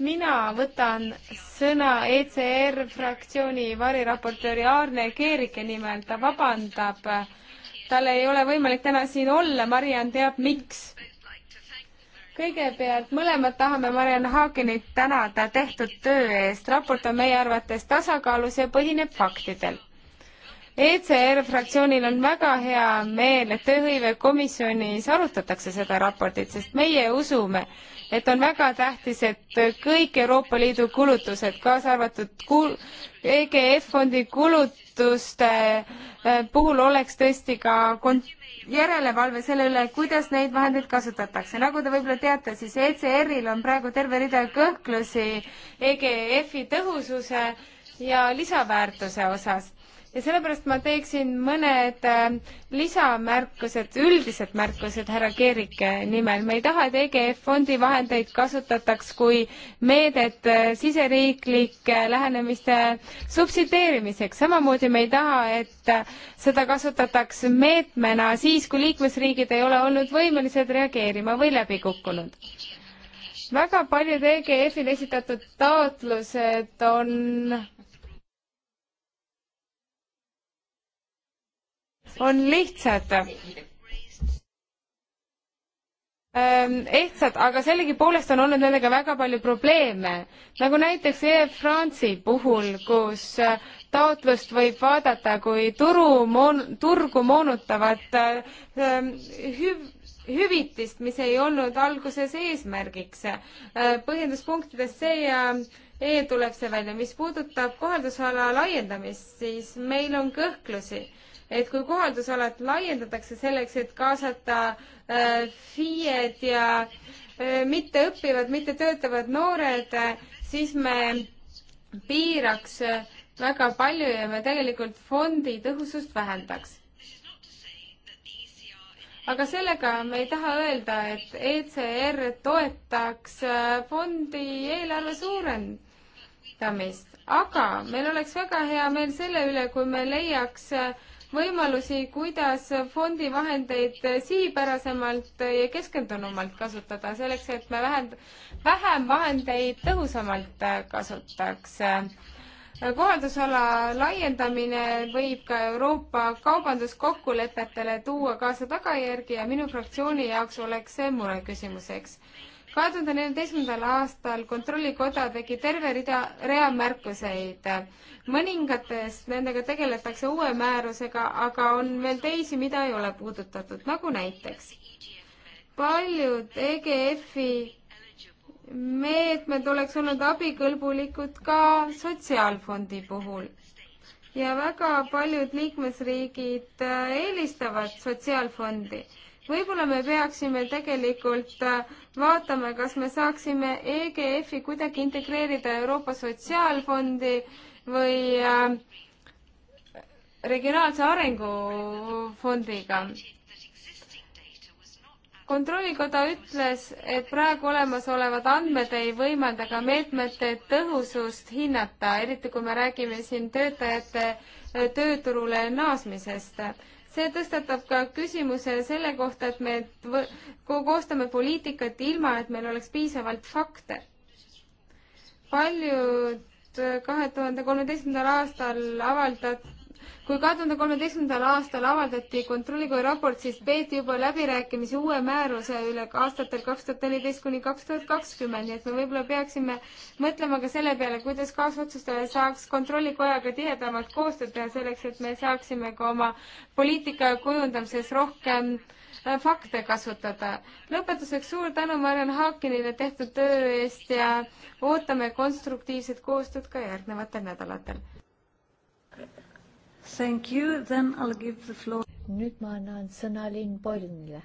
mina võtan sõna ECR fraktsiooni variraportööri Aarne Keerike nimel, ta vabandab, tal ei ole võimalik täna siin olla, Mariann teab, miks kõigepealt mõlemad tahame Mariann Haagenit tänada tehtud töö eest. raport on meie arvates tasakaalus ja põhineb faktidel ECR fraktsioonil on väga hea meel, et tööhõivekomisjonis arutatakse seda raportit, sest meie usume, et on väga tähtis, et kõik Euroopa Liidu kulutused, kaasa arvatud kul-, EGF fondi kulutuste eh, puhul oleks tõesti ka kon-, järelevalve selle üle, kuidas neid vahendeid kasutatakse. nagu te võib-olla teate, siis ECR-il on praegu terve rida kõhklusi EGF-i tõhususe ja lisaväärtuse osas ja sellepärast ma teeksin mõned äh, lisamärkused, üldised märkused härra Keerike nimel. me ei taha, et EGF fondi vahendeid kasutataks kui meedet äh, siseriiklike lähenemiste subsideerimiseks. samamoodi me ei taha, et äh, seda kasutataks meetmena siis, kui liikmesriigid ei ole olnud võimelised reageerima või läbi kukkunud väga paljud EGF-il esitatud taotlused on on lihtsad ähm, ehtsad, aga sellegipoolest on olnud nendega väga palju probleeme, nagu näiteks Air France'i puhul, kus äh, taotlust võib vaadata kui turu moon-, turgu moonutavat ähm, hüv-, hüvitist, mis ei olnud alguses eesmärgiks. Äh, põhjenduspunktides C ja E tuleb see välja. mis puudutab kohaldusala laiendamist, siis meil on kõhklusi et kui kohaldusalat laiendatakse selleks, et kaasata äh, FIE-d ja äh, mitte õppivad, mitte töötavad noored äh,, siis me piiraks äh, väga palju ja me tegelikult fondi tõhusust vähendaks. aga sellega me ei taha öelda, et ECR toetaks äh, fondi eelarve suurendamist, aga meil oleks väga hea meel selle üle, kui me leiaks äh, võimalusi, kuidas fondi vahendeid sihipärasemalt ja keskendunumalt kasutada, selleks et me vähend-, vähem vahendeid tõhusamalt kasutaks. kohaldusala laiendamine võib ka Euroopa kaubanduskokkulepetele tuua kaasa tagajärgi ja minu fraktsiooni jaoks oleks see mureküsimuseks kahe tuhande neljateistkümnendal aastal Kontrollikoda tegi terve rida, rea märkuseid. mõningates nendega tegeletakse uue määrusega, aga on veel teisi, mida ei ole puudutatud, nagu näiteks paljud EGF-i meetmed oleks olnud abikõlbulikud ka sotsiaalfondi puhul ja väga paljud liikmesriigid äh, eelistavad sotsiaalfondi. võib-olla me peaksime tegelikult äh, vaatame, kas me saaksime EGF-i kuidagi integreerida Euroopa Sotsiaalfondi või äh, regionaalse arengufondiga. kontrollikoda ütles, et praegu olemasolevad andmed ei võimalda ka meetmete tõhusust hinnata, eriti kui me räägime siin töötajate tööturule naasmisest see tõstatab ka küsimuse selle kohta, et me koostame poliitikat ilma, et meil oleks piisavalt fakte. paljud äh, kahe tuhande kolmeteistkümnendal aastal avaldatud kui kahe tuhande kolmeteistkümnendal aastal avaldati kontrollikoja raport, siis peeti juba läbirääkimisi uue määruse üle aastatel kaks tuhat neliteist kuni kaks tuhat kakskümmend, nii et me võib-olla peaksime mõtlema ka selle peale, kuidas kaasotsustaja saaks kontrollikojaga tihedamalt koostööd teha selleks, et me saaksime ka oma poliitika kujundamises rohkem äh, fakte kasutada. lõpetuseks suur tänu Mariann Haakinile tehtud töö eest ja ootame konstruktiivset koostööd ka järgnevatel nädalatel Thank you, then I'll give the floor. nüüd ma annan sõna Lynn Boylanile.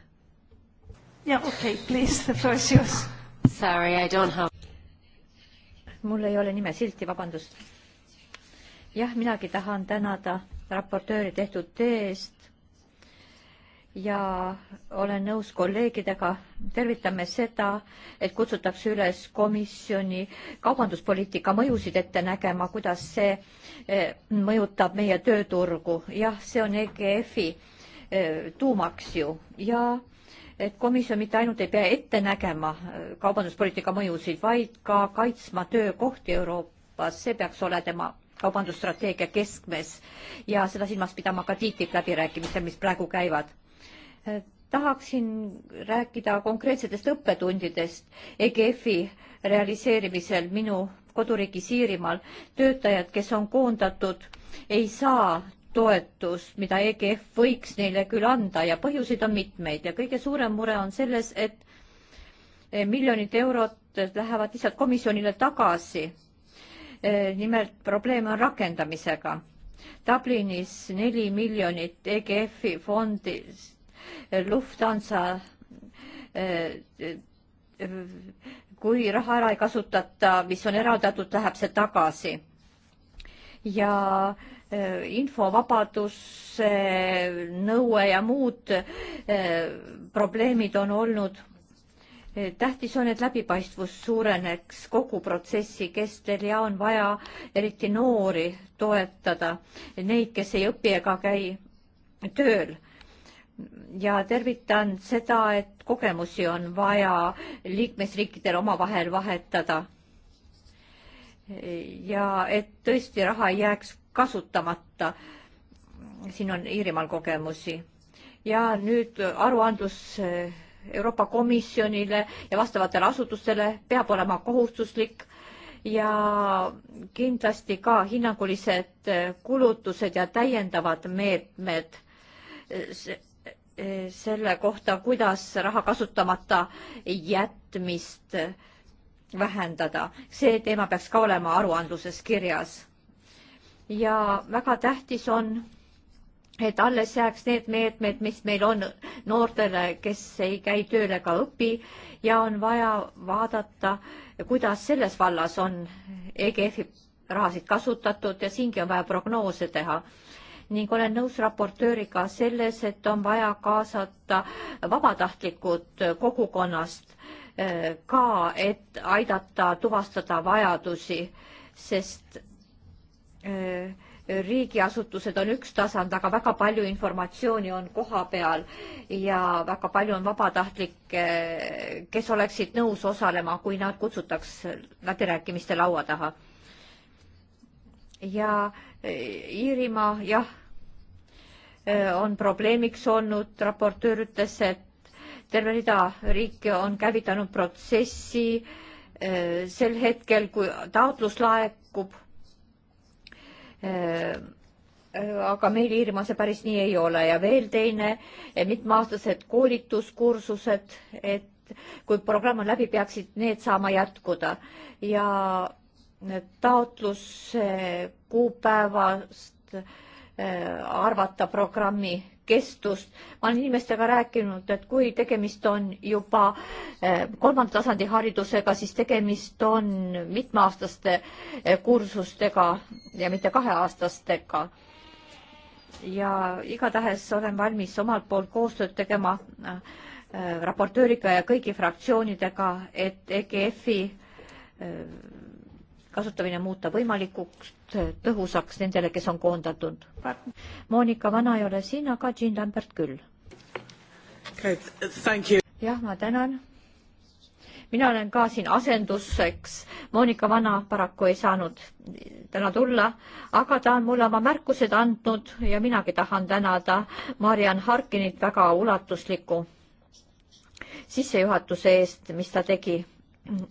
Yeah, okay, please, the floor is yours. Sorry, I don't have. mul ei ole nime silti, vabandust. jah, minagi tahan tänada raportööri tehtud töö eest ja olen nõus kolleegidega, tervitame seda, et kutsutakse üles komisjoni kaubanduspoliitika mõjusid ette nägema, kuidas see eh, mõjutab meie tööturgu. jah, see on EGF-i eh, tuumaks ju ja et komisjon mitte ainult ei pea ette nägema eh, kaubanduspoliitika mõjusid, vaid ka kaitsma töökohti Euroopas, see peaks olema tema kaubandusstrateegia keskmes ja seda silmas pidama ka TTIP läbirääkimistel, mis praegu käivad tahaksin rääkida konkreetsetest õppetundidest EGF-i realiseerimisel minu koduriigis Iirimaal. töötajad, kes on koondatud, ei saa toetust, mida EGF võiks neile küll anda ja põhjuseid on mitmeid ja kõige suurem mure on selles, et eh, miljonid eurot lähevad lihtsalt komisjonile tagasi. Eh, nimelt probleeme on rakendamisega. Dublinis neli miljonit EGF-i fondist Lufthansa eh, kui raha ära ei kasutata, mis on eraldatud, läheb see tagasi. ja eh, infovabaduse nõue ja muud eh, probleemid on olnud. tähtis on, et läbipaistvus suureneks kogu protsessi kestel ja on vaja eriti noori toetada, neid, kes ei õpi ega käi tööl ja tervitan seda, et kogemusi on vaja liikmesriikidel omavahel vahetada. ja et tõesti raha ei jääks kasutamata. siin on Iirimaal kogemusi ja nüüd aruandlus eh, Euroopa Komisjonile ja vastavatele asutustele peab olema kohustuslik ja kindlasti ka hinnangulised eh, kulutused ja täiendavad meetmed eh, selle kohta, kuidas raha kasutamata jätmist vähendada. see teema peaks ka olema aruandluses kirjas. ja väga tähtis on, et alles jääks need meetmed, mis meil on noortele, kes ei käi tööl ega õpi ja on vaja vaadata, kuidas selles vallas on EGF-i rahasid kasutatud ja siingi on vaja prognoose teha ning olen nõus raportööriga selles, et on vaja kaasata vabatahtlikud kogukonnast eh, ka, et aidata tuvastada vajadusi, sest eh, riigiasutused on üks tasand, aga väga palju informatsiooni on kohapeal ja väga palju on vabatahtlikke, kes oleksid nõus osalema, kui nad kutsutaks läbirääkimiste laua taha ja e, Iirimaa, jah, e, on probleemiks olnud, raportöör ütles, et terve rida riike on käivitanud protsessi e, sel hetkel, kui taotlus laekub. aga meil Iirimaa see päris nii ei ole ja veel teine mitmeaastased koolituskursused, et kui programm on läbi, peaksid need saama jätkuda ja taotluse kuupäevast äh, arvata programmi kestust. ma olen inimestega rääkinud, et kui tegemist on juba äh, kolmanda tasandi haridusega, siis tegemist on mitmeaastaste äh, kursustega ja mitte kaheaastastega. ja igatahes olen valmis omalt poolt koostööd tegema raportööriga ja kõigi fraktsioonidega, et EGF-i kasutamine muuta võimalikuks tõhusaks nendele, kes on koondatud. Monika Vana ei ole siin, aga Jean Lambert küll. jah, ma tänan. mina olen ka siin asenduseks. Monika Vana paraku ei saanud täna tulla, aga ta on mulle oma märkused andnud ja minagi tahan tänada Mariann Harkinit väga ulatusliku sissejuhatuse eest, mis ta tegi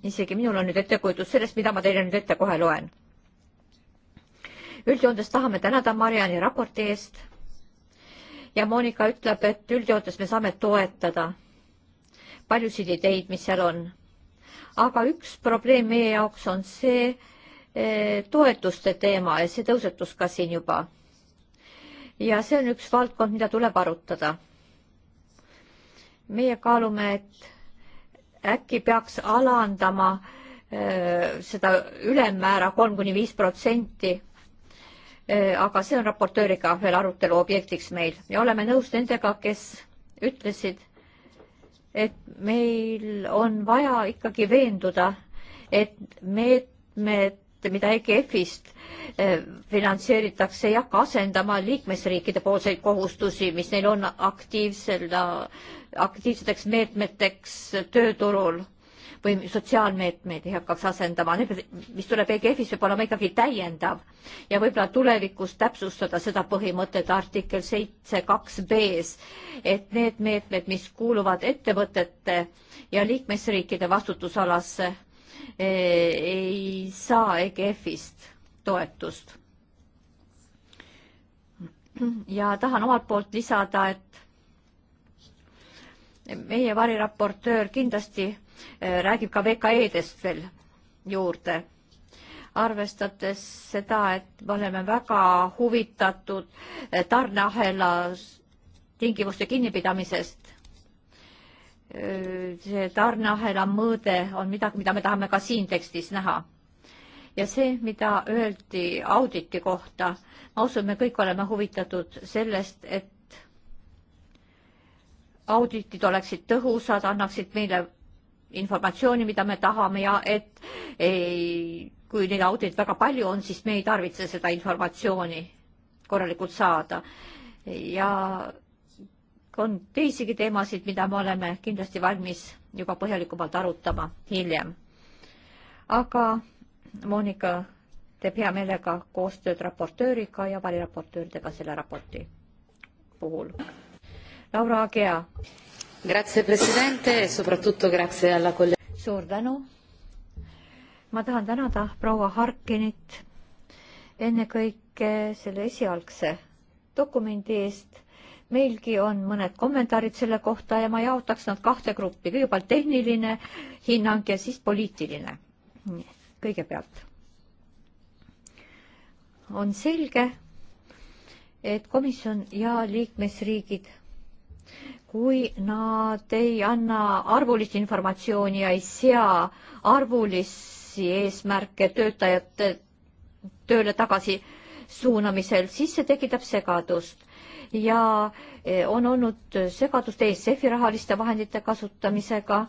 isegi minul on nüüd ettekujutus sellest, mida ma teile nüüd ette kohe loen. üldjoontes tahame tänada Mariani raporti eest ja Monika ütleb, et üldjoontes me saame toetada paljusid ideid, mis seal on. aga üks probleem meie jaoks on see eh, toetuste teema ja see tõusetus ka siin juba. ja see on üks valdkond, mida tuleb arutada. meie kaalume, et äkki peaks alandama äh, seda ülemmäära kolm kuni viis protsenti. Äh, aga see on raportööriga veel arutelu objektiks meil ja oleme nõus nendega, kes ütlesid, et meil on vaja ikkagi veenduda, et meetmed mida EGF-ist eh, finantseeritakse, ei hakka asendama liikmesriikide poolseid kohustusi, mis neil on aktiivsel, äh, aktiivseteks meetmeteks tööturul või sotsiaalmeetmeid ei hakkaks asendama, need, mis tuleb EGF-is, peab olema ikkagi täiendav ja võib-olla tulevikus täpsustada seda põhimõtet artikkel seitse kaks B-s, et need meetmed, mis kuuluvad ettevõtete ja liikmesriikide vastutusalasse, Eh, ei saa EGF-ist toetust. ja tahan omalt poolt lisada, et meie variraportöör kindlasti eh, räägib ka VKE-dest veel juurde arvestades seda, et me oleme väga huvitatud eh, tarneahela tingimuste kinnipidamisest see tarneahela mõõde on midagi, mida me tahame ka siin tekstis näha. ja see, mida öeldi auditi kohta, ma usun, me kõik oleme huvitatud sellest, et auditid oleksid tõhusad, annaksid meile informatsiooni, mida me tahame ja et ei, kui neid auditeid väga palju on, siis me ei tarvitse seda informatsiooni korralikult saada. ja on teisigi teemasid, mida me oleme kindlasti valmis juba põhjalikumalt arutama hiljem. aga Monika teeb hea meelega koostööd raportööriga ja variraportööridega selle raporti puhul. Laura Agea. Grazie presidente e soprattutto grazie alla colle-. suur tänu. ma tahan tänada proua Harkinit ennekõike selle esialgse dokumendi eest meilgi on mõned kommentaarid selle kohta ja ma jaotaks nad kahte gruppi, kõigepealt tehniline hinnang ja siis poliitiline. kõigepealt on selge, et komisjon ja liikmesriigid, kui nad ei anna arvulist informatsiooni ja ei sea arvulisi eesmärke töötajate tööle tagasi suunamisel, siis see tekitab segadust ja eh, on olnud segadust ESF-i rahaliste vahendite kasutamisega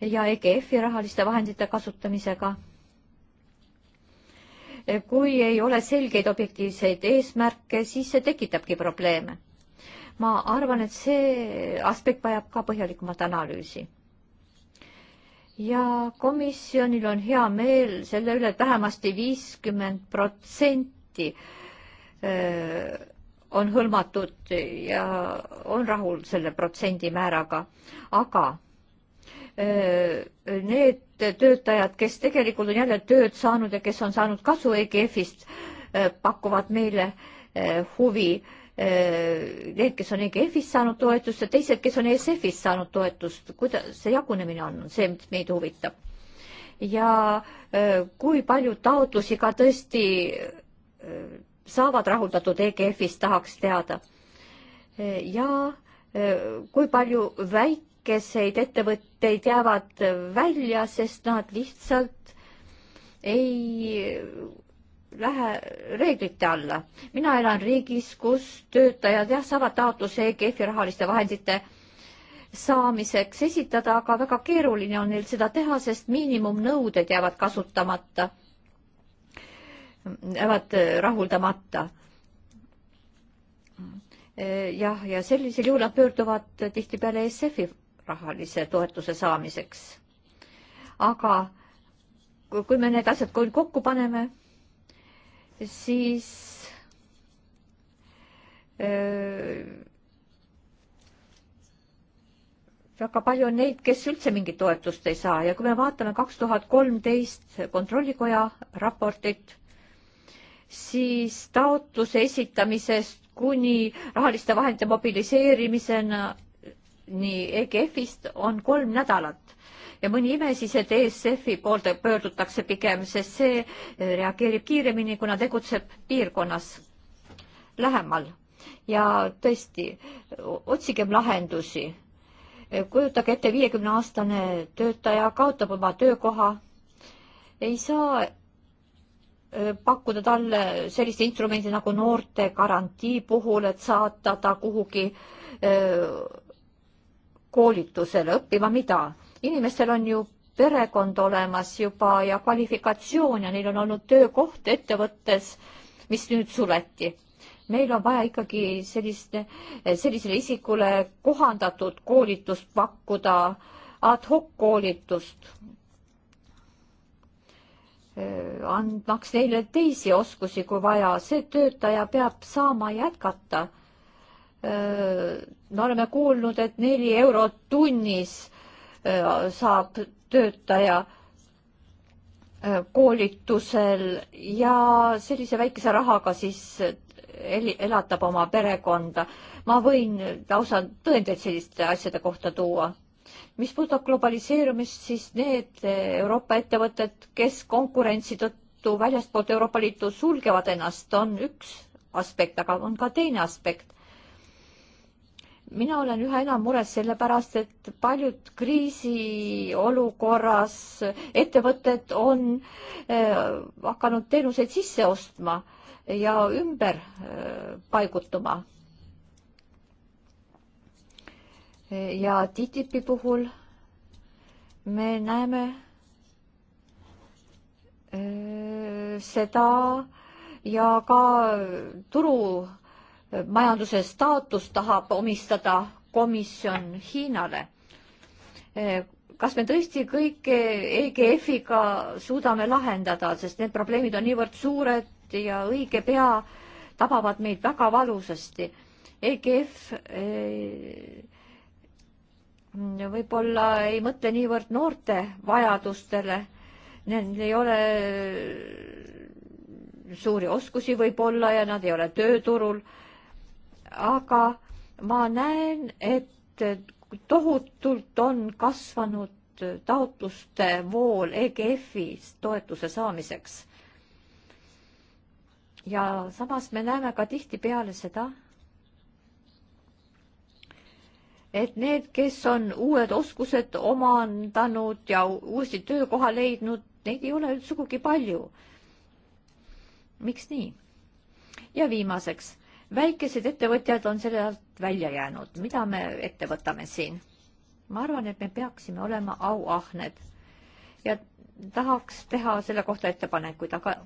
ja EGF-i rahaliste vahendite kasutamisega. Eh, kui ei ole selgeid objektiivseid eesmärke, siis see tekitabki probleeme. ma arvan, et see aspekt vajab ka põhjalikumat analüüsi ja komisjonil on hea meel selle üle, et vähemasti viiskümmend protsenti eh, on hõlmatud ja on rahul selle protsendimääraga, aga need töötajad, kes tegelikult on jälle tööd saanud ja kes on saanud kasu EGF-ist, pakuvad meile huvi. Need, kes on EGF-ist saanud toetust ja teised, kes on ESF-ist saanud toetust, kuidas see jagunemine on, on see, mis meid huvitab. ja kui palju taotlusi ka tõesti saavad rahuldatud EGF-ist, tahaks teada. ja e, kui palju väikeseid ettevõtteid jäävad välja, sest nad lihtsalt ei lähe reeglite alla. mina elan riigis, kus töötajad jah, saavad taotluse EGF-i rahaliste vahendite saamiseks esitada, aga väga keeruline on neil seda teha, sest miinimumnõuded jäävad kasutamata jäävad äh, rahuldamata. Äh, jah, ja sellisel juhul nad pöörduvad tihtipeale ESF-i rahalise toetuse saamiseks. aga kui me need asjad kokku paneme, siis öö, äh, väga palju on neid, kes üldse mingit toetust ei saa ja kui me vaatame kaks tuhat kolmteist kontrollikoja raportit, siis taotluse esitamisest kuni rahaliste vahendite mobiliseerimisena nii EGF-ist on kolm nädalat ja mõni ime e siis, et ESF-i poolde pöördutakse pigem, sest see eh, reageerib kiiremini, kuna tegutseb piirkonnas lähemal. ja tõesti, otsigem lahendusi. Eh, kujutage ette, viiekümne aastane töötaja kaotab oma töökoha, ei saa Äh, pakkuda talle sellist instrumenti nagu noorte garantii puhul, et saata ta kuhugi äh, koolitusele õppima, mida? inimestel on ju perekond olemas juba ja kvalifikatsioon ja neil on olnud töökoht ettevõttes, mis nüüd suleti. meil on vaja ikkagi sellist, sellisele isikule kohandatud koolitust pakkuda, ad hoc koolitust Äh, andmaks neile teisi oskusi, kui vaja, see töötaja peab saama jätkata. Äh, me oleme kuulnud, et neli eurot tunnis äh, saab töötaja koolitusel ja sellise väikese rahaga siis elatab oma perekonda. ma võin lausa tõendeid selliste asjade kohta tuua mis puudutab globaliseerumist, siis need eh, Euroopa ettevõtted, kes konkurentsi tõttu väljastpoolt Euroopa Liitu sulgevad ennast, on üks aspekt, aga on ka teine aspekt. mina olen üha enam mures selle pärast, et paljud kriisiolukorras ettevõtted on äh, hakanud teenuseid sisse ostma ja ümber äh, paigutuma ja TTIP-i puhul me näeme äh, seda ja ka turumajanduse äh, staatus tahab omistada komisjon Hiinale. Äh, kas me tõesti kõike EGF-iga suudame lahendada, sest need probleemid on niivõrd suured ja õige pea tabavad meid väga valusasti. EGF eh, võib-olla ei mõtle niivõrd noorte vajadustele, neil ei ole suuri oskusi võib-olla ja nad ei ole tööturul. aga ma näen, et tohutult on kasvanud taotluste vool EGF-is toetuse saamiseks. ja samas me näeme ka tihtipeale seda, et need, kes on uued oskused omandanud ja uuesti töökoha leidnud, neid ei ole üldse sugugi palju. miks nii? ja viimaseks, väikesed ettevõtjad on selle alt välja jäänud, mida me ette võtame siin? ma arvan, et me peaksime olema auahned ja tahaks teha selle kohta ettepanekuid, aga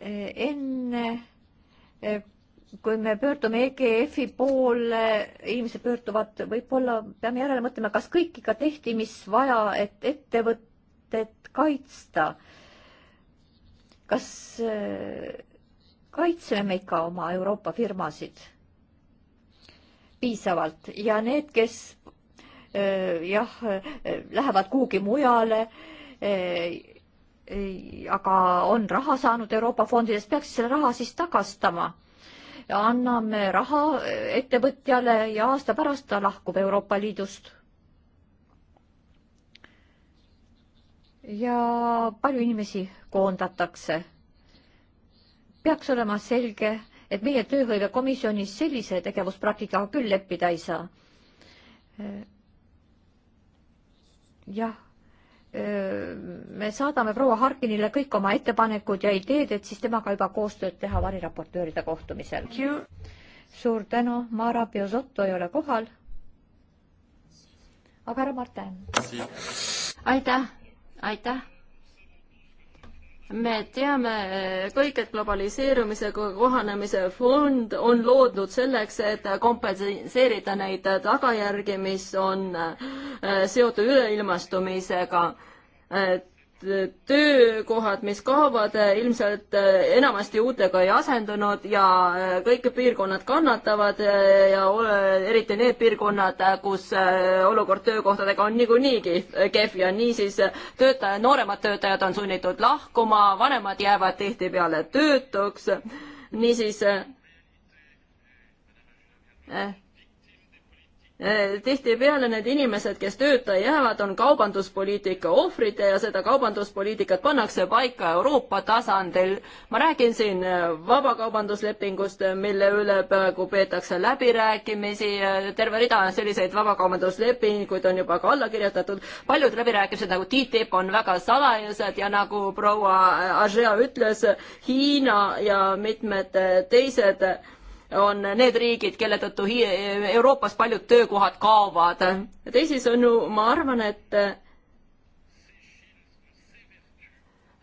eh, enne eh, kui me pöördume EGF-i poole, inimesed pöörduvad, võib-olla peame järele mõtlema, kas kõik ikka tehti, mis vaja, et ettevõtted kaitsta. kas äh, kaitseme me ikka oma Euroopa firmasid piisavalt ja need, kes äh, jah, äh, lähevad kuhugi mujale, aga on raha saanud Euroopa fondidest, peaks selle raha siis tagastama anname raha ettevõtjale ja aasta pärast ta lahkub Euroopa Liidust. ja palju inimesi koondatakse. peaks olema selge, et meie tööhõivekomisjonis sellise tegevuspraktikaga küll leppida ei saa. jah me saadame proua Harkinile kõik oma ettepanekud ja ideed, et siis temaga juba koostööd teha variraportööride kohtumisel. suur tänu, Mara Piosotto ei ole kohal. aga härra Marten. aitäh, aitäh me teame eh, kõik, et globaliseerumisega kohanemise fond on loodud selleks, et kompenseerida neid tagajärgi, mis on eh, seotud üleilmastumisega eh, töökohad, mis kaovad, äh, ilmselt äh, enamasti uutega ei asendunud ja äh, kõik piirkonnad kannatavad ja ole, eriti need piirkonnad, kus olukord töökohtadega on niikuinii kehv ja niisiis töötaja, nooremad töötajad on sunnitud lahkuma, vanemad jäävad tihtipeale töötuks, niisiis eh Eh, tihtipeale need inimesed, kes tööta jäävad, on kaubanduspoliitika ohvrid ja seda kaubanduspoliitikat pannakse paika Euroopa tasandil. ma räägin siin eh, vabakaubanduslepingust, eh, mille üle praegu peetakse läbirääkimisi, terve rida selliseid vabakaubanduslepinguid on juba ka alla kirjutatud. paljud läbirääkimised nagu TTIP on väga salajased ja nagu proua Ažea ütles, Hiina ja mitmed teised on need riigid, kelle tõttu Euroopas paljud töökohad kaovad. teisisõnu, ma arvan, et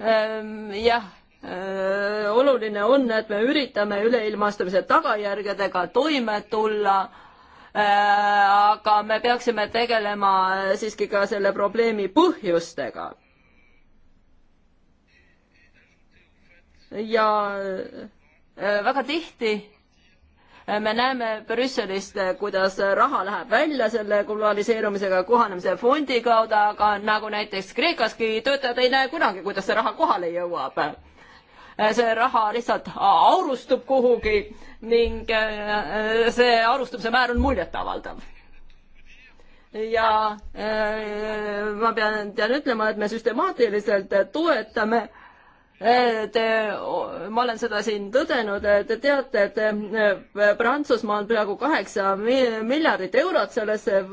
ähm, jah äh,, oluline on, et me üritame üleilmastumise tagajärgedega toime tulla äh,, aga me peaksime tegelema siiski ka selle probleemi põhjustega. ja äh, väga tihti me näeme Brüsselist, kuidas raha läheb välja selle globaliseerumisega kohanemise fondi kaudu, aga nagu näiteks Kreekaski töötajad ei näe kunagi, kuidas see raha kohale jõuab. see raha lihtsalt aurustub kuhugi ning äh, see aurustumise määr on muljetavaldav ja äh, ma pean, pean ütlema, et me süstemaatiliselt toetame äh, Eh, te, ma olen seda siin tõdenud, eh, te teate, et eh, Prantsusmaa on peaaegu kaheksa miljardit eurot sellesse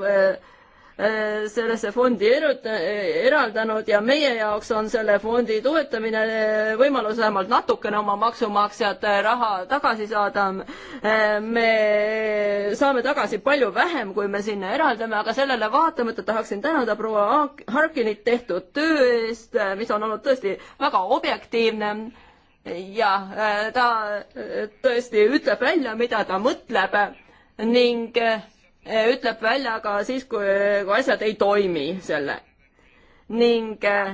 Äh, sellesse fondi äh, eraldanud ja meie jaoks on selle fondi toetamine äh, võimalus vähemalt natukene oma maksumaksjate raha tagasi saada. me saame tagasi palju vähem, kui me sinna eraldame, aga sellele vaatamata tahaksin tänada proua Harkinit tehtud töö eest, mis on olnud tõesti väga objektiivne ja ta tõesti ütleb välja, mida ta mõtleb ning Eh, ütleb välja ka siis, kui, kui asjad ei toimi selle. ning eh,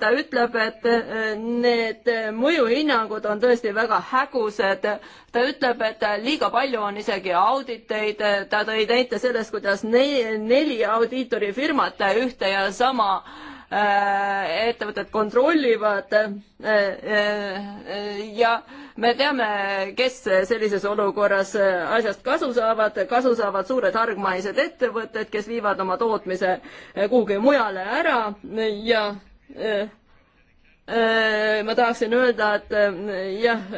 ta ütleb, et eh, need mõjuhinnangud on tõesti väga hägused. ta ütleb, et liiga palju on isegi auditeid, ta tõi näite sellest, kuidas neli audiitorifirmat ühte ja sama äh, Äh, ettevõtted kontrollivad äh, äh, ja me teame, kes sellises olukorras asjast kasu saavad, kasu saavad suured hargmaised ettevõtted, kes viivad oma tootmise kuhugi mujale ära ja ma tahaksin öelda, et jah,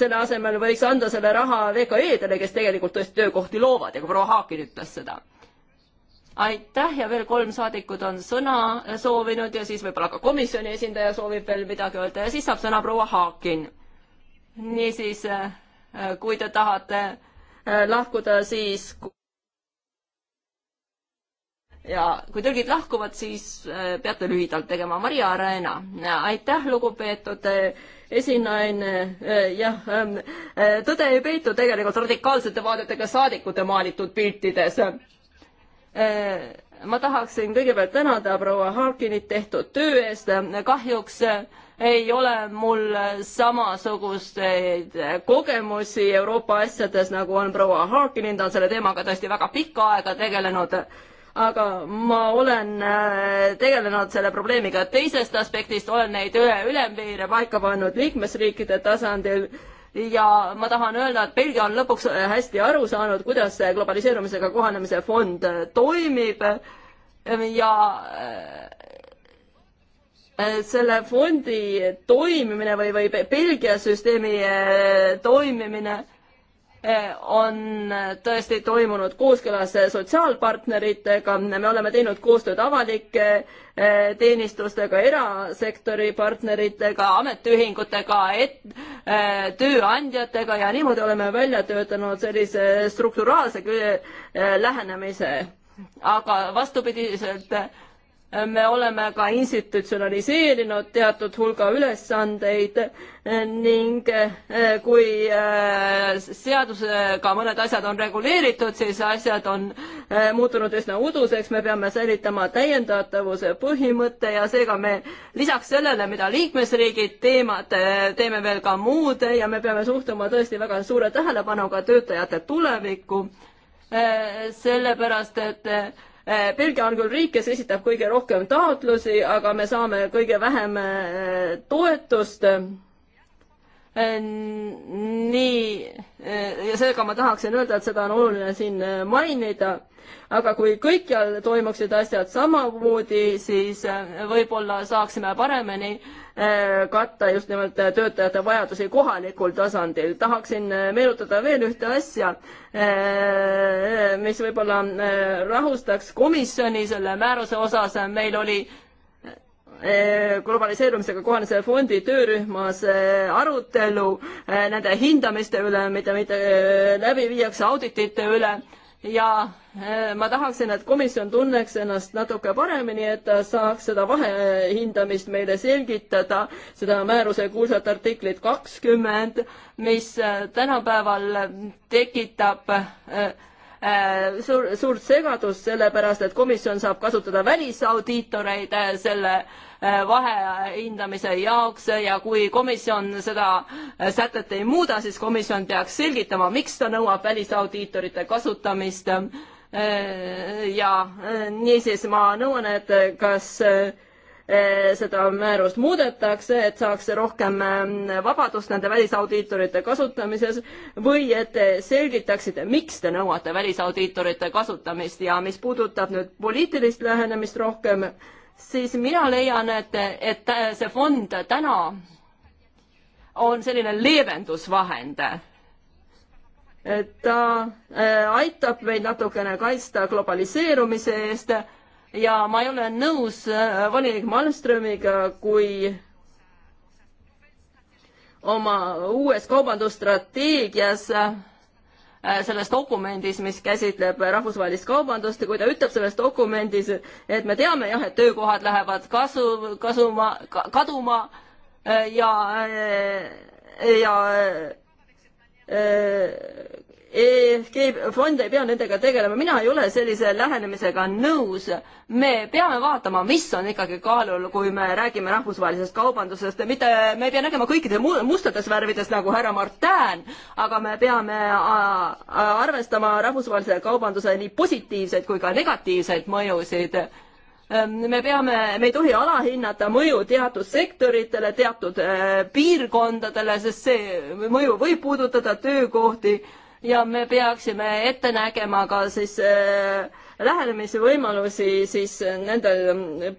selle asemel võiks anda selle raha VKE-dele, kes tegelikult tõesti töökohti loovad ja ka proua Haakin ütles seda aitäh ja veel kolm saadikut on sõna soovinud ja siis võib-olla ka komisjoni esindaja soovib veel midagi öelda ja siis saab sõna proua Haakin. niisiis, äh, kui te tahate äh, lahkuda, siis ja kui tõlgid lahkuvad, siis äh, peate lühidalt tegema. Maria Arena, aitäh, lugupeetud esinaine. jah, ähm, tõde ei peitu tegelikult radikaalsete vaadetega saadikute maalitud piltides Äh, ma tahaksin kõigepealt tänada proua Harkinit tehtud töö eest, kahjuks ei ole mul samasuguseid kogemusi Euroopa asjades, nagu on proua Harkinin, ta on selle teemaga tõesti väga pikka aega tegelenud, aga ma olen äh, tegelenud selle probleemiga teisest aspektist, olen neid üle, ülempiire paika pannud liikmesriikide tasandil ja ma tahan öelda, et Belgia on lõpuks äh, hästi aru saanud, kuidas see globaliseerumisega kohanemise fond äh, toimib äh, ja selle fondi toimimine või, või Belgia süsteemi toimimine on tõesti toimunud kooskõlas sotsiaalpartneritega, me oleme teinud koostööd avalike eh, teenistustega, erasektori partneritega, ametiühingutega, eh, tööandjatega ja niimoodi oleme välja töötanud sellise strukturaalse eh, lähenemise. aga vastupidiselt äh, me oleme ka institutsionaliseerinud teatud hulga ülesandeid ning eh, kui eh, seadusega mõned asjad on reguleeritud, siis asjad on eh, muutunud üsna uduseks, me peame säilitama täiendatavuse põhimõtte ja seega me lisaks sellele, mida liikmesriigid teemad, teeme veel ka muud ja me peame suhtuma tõesti väga suure tähelepanuga töötajate tulevikku, sellepärast et Eh, Belgia on küll riik, kes esitab kõige rohkem taotlusi, aga me saame kõige vähem eh, toetust. Eh, nii, ja seega ma tahaksin öelda, et seda on oluline siin mainida aga kui kõikjal toimuksid asjad samamoodi, siis äh, võib-olla saaksime paremini äh, katta just nimelt äh, töötajate vajadusi kohalikul tasandil. tahaksin meenutada veel ühte asja, mis võib-olla rahustaks komisjoni selle määruse osas. meil oli globaliseerumisega kohanemise fondi töörühmas arutelu nende hindamiste üle, mida, mida läbi viiakse auditite üle ja Äh, ma tahaksin, et komisjon tunneks ennast natuke paremini, et ta saaks seda vahehindamist meile selgitada, seda määruse kuulsat artiklit kakskümmend, mis äh, tänapäeval tekitab äh, suur, suurt segadust, sellepärast et komisjon saab kasutada välisaudiitoreid selle vahehindamise jaoks ja kui komisjon seda sätet ei muuda, siis komisjon peaks selgitama, miks ta nõuab välisaudiitorite kasutamist ja eh, niisiis ma nõuan, et kas eh, seda määrust muudetakse, et saaks rohkem eh, vabadust nende välisaudiitorite kasutamises või et te selgitaksite, miks te nõuate välisaudiitorite kasutamist ja mis puudutab nüüd poliitilist lähenemist rohkem, siis mina leian, et, et see fond täna on selline leevendusvahend ta äh, aitab meid natukene kaitsta globaliseerumise eest ja ma ei ole nõus äh, volinik Malmströmiga, kui oma uues kaubandusstrateegias äh, selles dokumendis, mis käsitleb rahvusvahelist kaubandust ja kui ta ütleb selles dokumendis, et me teame jah, et töökohad lähevad kasu, kasuma ka,, kaduma ja, ja Äh, EFG fond ei pea nendega tegelema, mina ei ole sellise lähenemisega nõus. me peame vaatama, mis on ikkagi kaalul, kui me räägime rahvusvahelisest kaubandusest, mitte me ei pea nägema kõikide mustades värvides nagu härra Martin, aga me peame arvestama rahvusvahelise kaubanduse nii positiivseid kui ka negatiivseid mõjusid Ehm, me peame, me ei tohi alahinnata mõju teatud sektoritele, teatud eh, piirkondadele, sest see mõju võib puudutada töökohti ja me peaksime ette nägema ka siis eh, lähenemise võimalusi siis nende,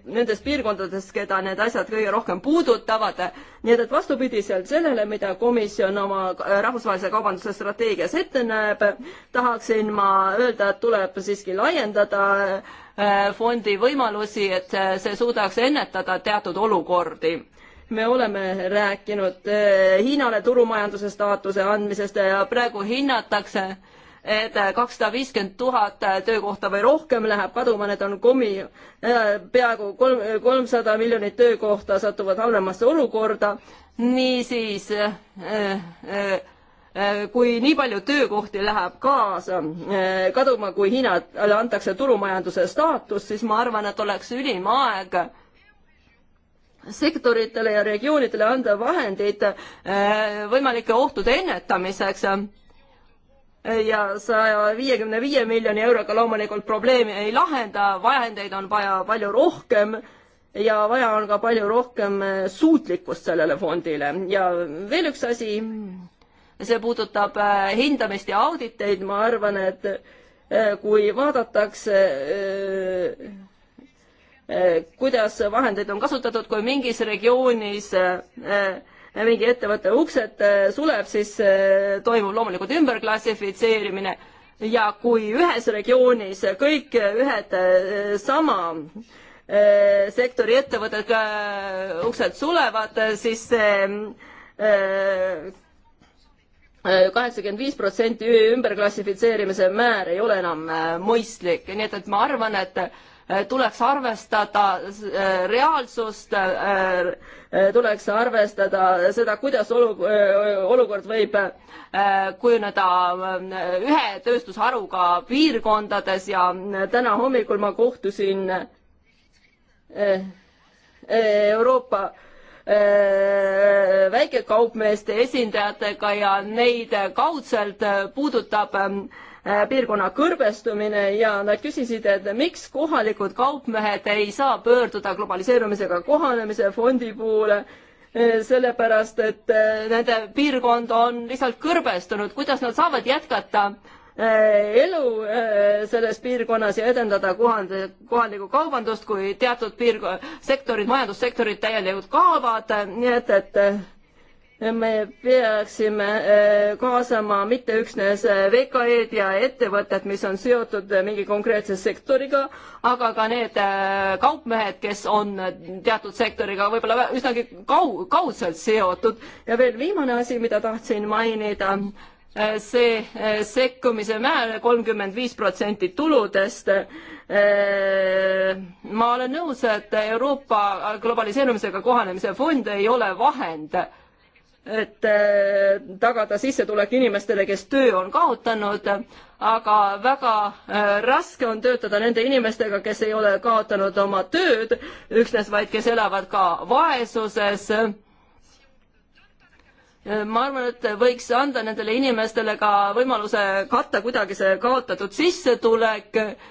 nendes piirkondades, keda need asjad kõige rohkem puudutavad. nii et, et vastupidiselt sellele, mida komisjon oma eh, rahvusvahelise kaubanduse strateegias ette näeb, tahaksin ma öelda, et tuleb siiski laiendada Äh, fondi võimalusi, et äh, see suudaks ennetada teatud olukordi. me oleme rääkinud äh, Hiinale turumajanduse staatuse andmisest ja praegu hinnatakse, et kakssada viiskümmend tuhat töökohta või rohkem läheb kaduma, need on komi, peaaegu kolm, kolmsada miljonit töökohta satuvad halvemasse olukorda, niisiis äh, äh, Äh, kui nii palju töökohti läheb kaasa, äh, kaduma, kui Hiinale antakse turumajanduse staatus, siis ma arvan, et oleks ülim aeg sektoritele ja regioonidele anda vahendid äh, võimalike ohtude ennetamiseks ja saja viiekümne viie miljoni euroga loomulikult probleemi ei lahenda, vahendeid on vaja palju rohkem ja vaja on ka palju rohkem suutlikkust sellele fondile ja veel üks asi see puudutab äh, hindamist ja auditeid, ma arvan, et äh, kui vaadatakse äh, kuidas vahendeid on kasutatud, kui mingis regioonis mingi ettevõtte uksed suleb, siis toimub loomulikult ümberklassifitseerimine ja kui ühes regioonis kõik ühed sama sektori ettevõtted uksed sulevad, siis see kaheksakümmend viis protsenti ümberklassifitseerimise määr ei ole enam äh, mõistlik, nii et, et ma arvan, et äh, tuleks arvestada äh, reaalsust, tuleks arvestada seda, kuidas olu-, olukord võib kujuneda ühe tööstusharuga piirkondades ja täna hommikul ma kohtusin Euroopa Äh, väikekaupmeeste esindajatega ja neid kaudselt puudutab ähm, äh, piirkonna kõrvestumine ja nad küsisid, et miks kohalikud kaupmehed ei saa pöörduda globaliseerumisega kohanemise fondi poole, äh, sellepärast et nende piirkond on lihtsalt kõrbestunud, kuidas nad saavad jätkata äh, Äh, elu äh, selles piirkonnas ja edendada kohand-, kohalikku kaubandust, kui teatud piirko-, sektorid, majandussektorid täielikult kaovad, nii et, et äh, me peaksime kaasama mitte üksnes VKE-d ja ettevõtted, mis on seotud mingi konkreetse sektoriga, aga ka need kaupmehed, kes on teatud sektoriga võib-olla üsnagi kau-, kaudselt seotud. ja veel viimane asi, mida tahtsin mainida Äh, see äh, sekkumise määr kolmkümmend viis protsenti tuludest. Äh, ma olen nõus, et Euroopa globaliseerumisega kohanemise fond ei ole vahend, et tagada sissetulek inimestele, kes töö on kaotanud, aga väga raske on töötada nende inimestega, kes ei ole kaotanud oma tööd üksnes, vaid kes elavad ka vaesuses Äh, ma arvan, et võiks anda nendele inimestele ka võimaluse katta kuidagi see kaotatud sissetulek äh,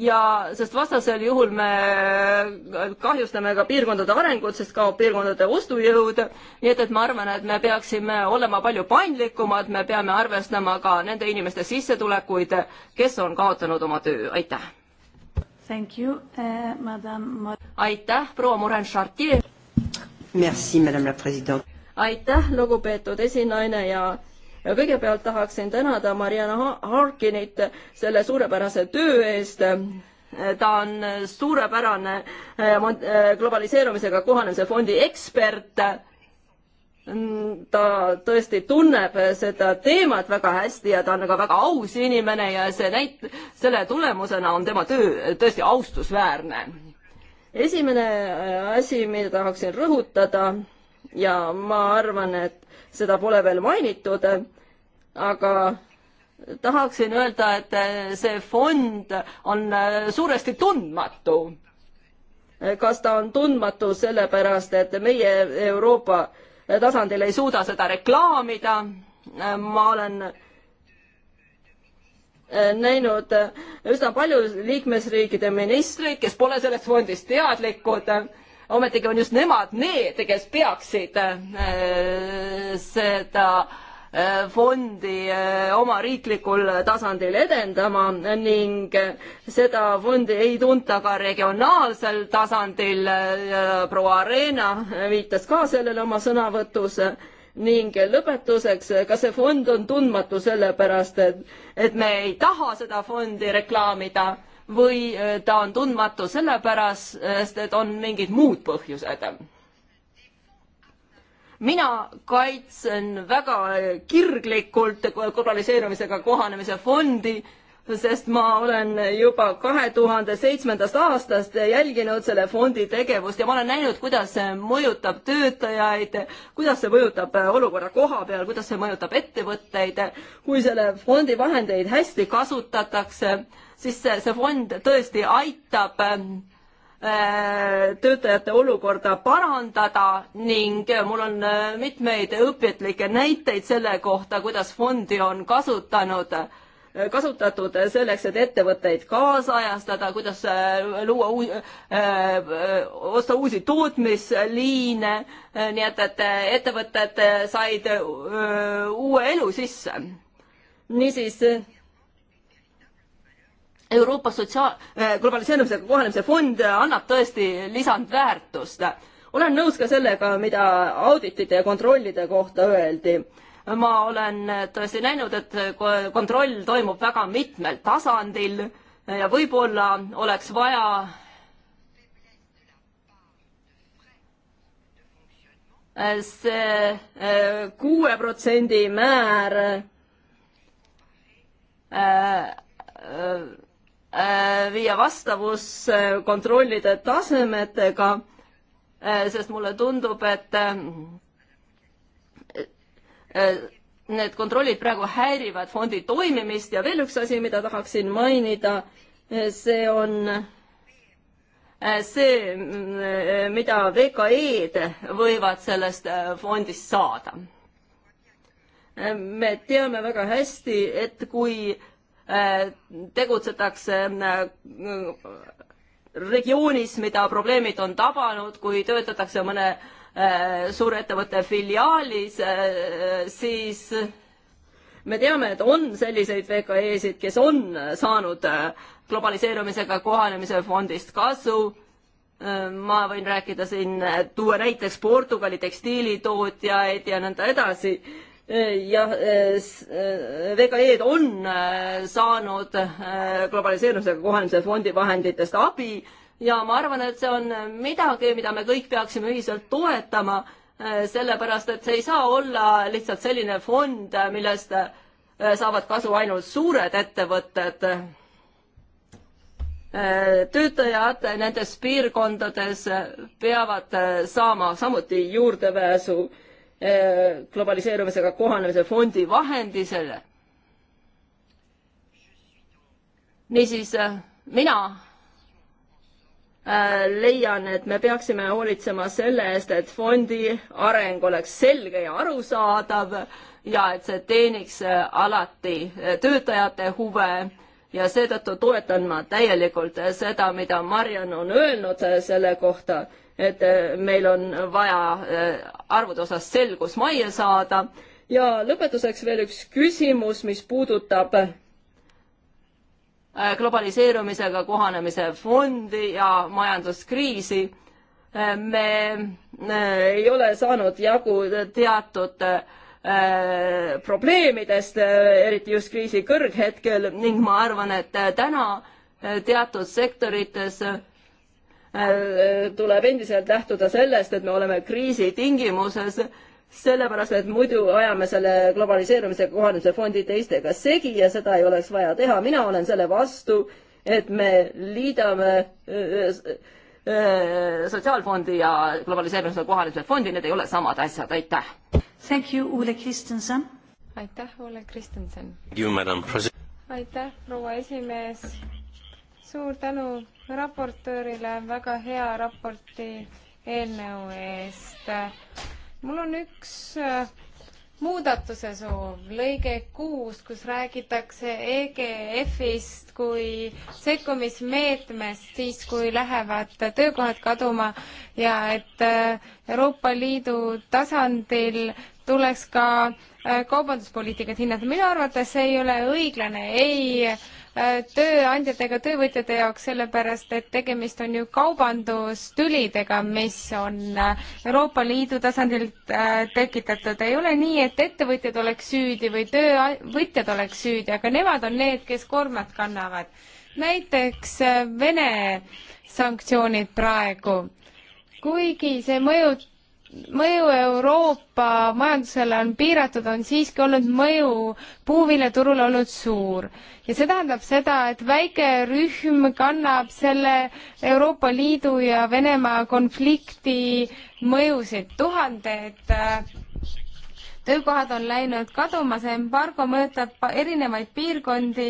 ja, sest vastasel juhul me äh, kahjustame ka piirkondade arengut, sest kaob piirkondade ostujõud. nii et, et ma arvan, et me peaksime olema palju paindlikumad, me peame arvestama ka nende inimeste sissetulekuid, kes on kaotanud oma töö, aitäh. Thank you eh,, madam. aitäh, proua Morin Chartier. Merci, madame la president aitäh, lugupeetud esinaine ja kõigepealt tahaksin tänada Mariana Harkinit selle suurepärase töö eest. ta on suurepärane eh, eh, globaliseerumisega kohanemise fondi ekspert. ta tõesti tunneb seda teemat väga hästi ja ta on ka väga aus inimene ja see näit-, selle tulemusena on tema töö tõesti austusväärne. esimene eh, asi, mida tahaksin rõhutada ja ma arvan, et seda pole veel mainitud, aga tahaksin öelda, et see fond on suuresti tundmatu. kas ta on tundmatu sellepärast, et meie Euroopa tasandil ei suuda seda reklaamida? ma olen näinud üsna palju liikmesriikide ministreid, kes pole sellest fondist teadlikud ometigi on just nemad need, kes peaksid äh, seda äh, fondi äh, oma riiklikul tasandil edendama ning seda fondi ei tunta ka regionaalsel tasandil. proua Arena viitas ka sellele oma sõnavõtus ning lõpetuseks, kas see fond on tundmatu sellepärast, et, et me ei taha seda fondi reklaamida või äh, ta on tundmatu sellepärast, et on mingid muud põhjused. mina kaitsen väga kirglikult globaliseerumisega kohanemise fondi, sest ma olen juba kahe tuhande seitsmendast aastast jälginud selle fondi tegevust ja ma olen näinud, kuidas see mõjutab töötajaid, kuidas see mõjutab olukorra koha peal, kuidas see mõjutab ettevõtteid, kui selle fondi vahendeid hästi kasutatakse siis see fond tõesti aitab ähm, äh, töötajate olukorda parandada ning mul on äh, mitmeid õpetlikke näiteid selle kohta, kuidas fondi on kasutanud, äh, kasutatud selleks, et ettevõtteid kaasajastada, kuidas luua uus, osta uusi tootmisliine, nii et, et ettevõtted said uue elu sisse. niisiis Euroopa sotsiaal, äh, globaliseerumisega kohanemise fond äh, annab tõesti lisandväärtust. olen nõus ka sellega, mida auditite ja kontrollide kohta öeldi. ma olen äh, tõesti näinud, et kontroll toimub väga mitmel tasandil ja võib-olla oleks vaja see kuue protsendi määr Äh, viia vastavusse kontrollide tasemetega, äh, sest mulle tundub, et äh, need kontrollid praegu häirivad fondi toimimist ja veel üks asi, mida tahaksin mainida, see on see, mida VKE-d võivad sellest fondist saada. me teame väga hästi, et kui tegutsetakse äh, regioonis, mida probleemid on tabanud, kui töötatakse mõne äh, suurettevõtte filiaalis, äh, siis me teame, et on selliseid VKE-sid, kes on saanud globaliseerumisega kohanemise fondist kasu. ma võin rääkida siin, tuua näiteks Portugali tekstiilitootjaid ja nõnda edasi jah, VKE-d on äh, saanud äh, globaliseerumisega kohanemise fondi vahenditest abi ja ma arvan, et see on midagi, mida me kõik peaksime ühiselt toetama, äh, sellepärast et see ei saa olla lihtsalt selline fond, millest saavad kasu ainult suured ettevõtted. töötajad nendes piirkondades peavad saama samuti juurdepääsu globaliseerumisega kohanemise fondi vahendisele. niisiis, mina äh, leian, et me peaksime hoolitsema selle eest, et fondi areng oleks selge ja arusaadav ja et see teeniks äh, alati äh, töötajate huve ja seetõttu toetan ma täielikult seda, mida Mariann on öelnud selle kohta et äh, meil on vaja äh, arvude osas selgus majja saada. ja lõpetuseks veel üks küsimus, mis puudutab äh, globaliseerumisega kohanemise fondi ja majanduskriisi. me ei ole saanud jagu teatud probleemidest, eriti just kriisi kõrghetkel ning ma arvan, et täna teatud sektorites Äh, tuleb endiselt lähtuda sellest, et me oleme kriisi tingimuses, sellepärast et muidu ajame selle globaliseerumise kohanemise fondi teistega segi ja seda ei oleks vaja teha. mina olen selle vastu, et me liidame äh, äh, sotsiaalfondi ja globaliseerumise kohanemise fondi, need ei ole samad asjad, aitäh. Thank you, Ole Kristjanson. aitäh, Ole Kristjanson. aitäh, proua esimees suur tänu raportöörile väga hea raporti eelnõu eest. mul on üks äh, muudatuse soov, lõige kuus, kus räägitakse EGF-ist kui sekkumismeetmest siis, kui lähevad töökohad kaduma ja et äh, Euroopa Liidu tasandil tuleks ka äh, kaubanduspoliitikat hinnata. minu arvates see ei ole õiglane ei Äh, tööandjatega, töövõtjate jaoks, sellepärast et tegemist on ju kaubandustülidega, mis on äh, Euroopa Liidu tasandilt äh, tekitatud. ei ole nii, et ettevõtjad oleks süüdi või töövõtjad oleks süüdi, aga nemad on need, kes koormat kannavad. näiteks Vene sanktsioonid praegu kuigi see mõjut-, mõju Euroopa majandusele on piiratud, on siiski olnud mõju puuviljaturule olnud suur. ja see tähendab seda, et väike rühm kannab selle Euroopa Liidu ja Venemaa konflikti mõjusid, tuhanded äh, töökohad on läinud kaduma, see embargo mõjutab erinevaid piirkondi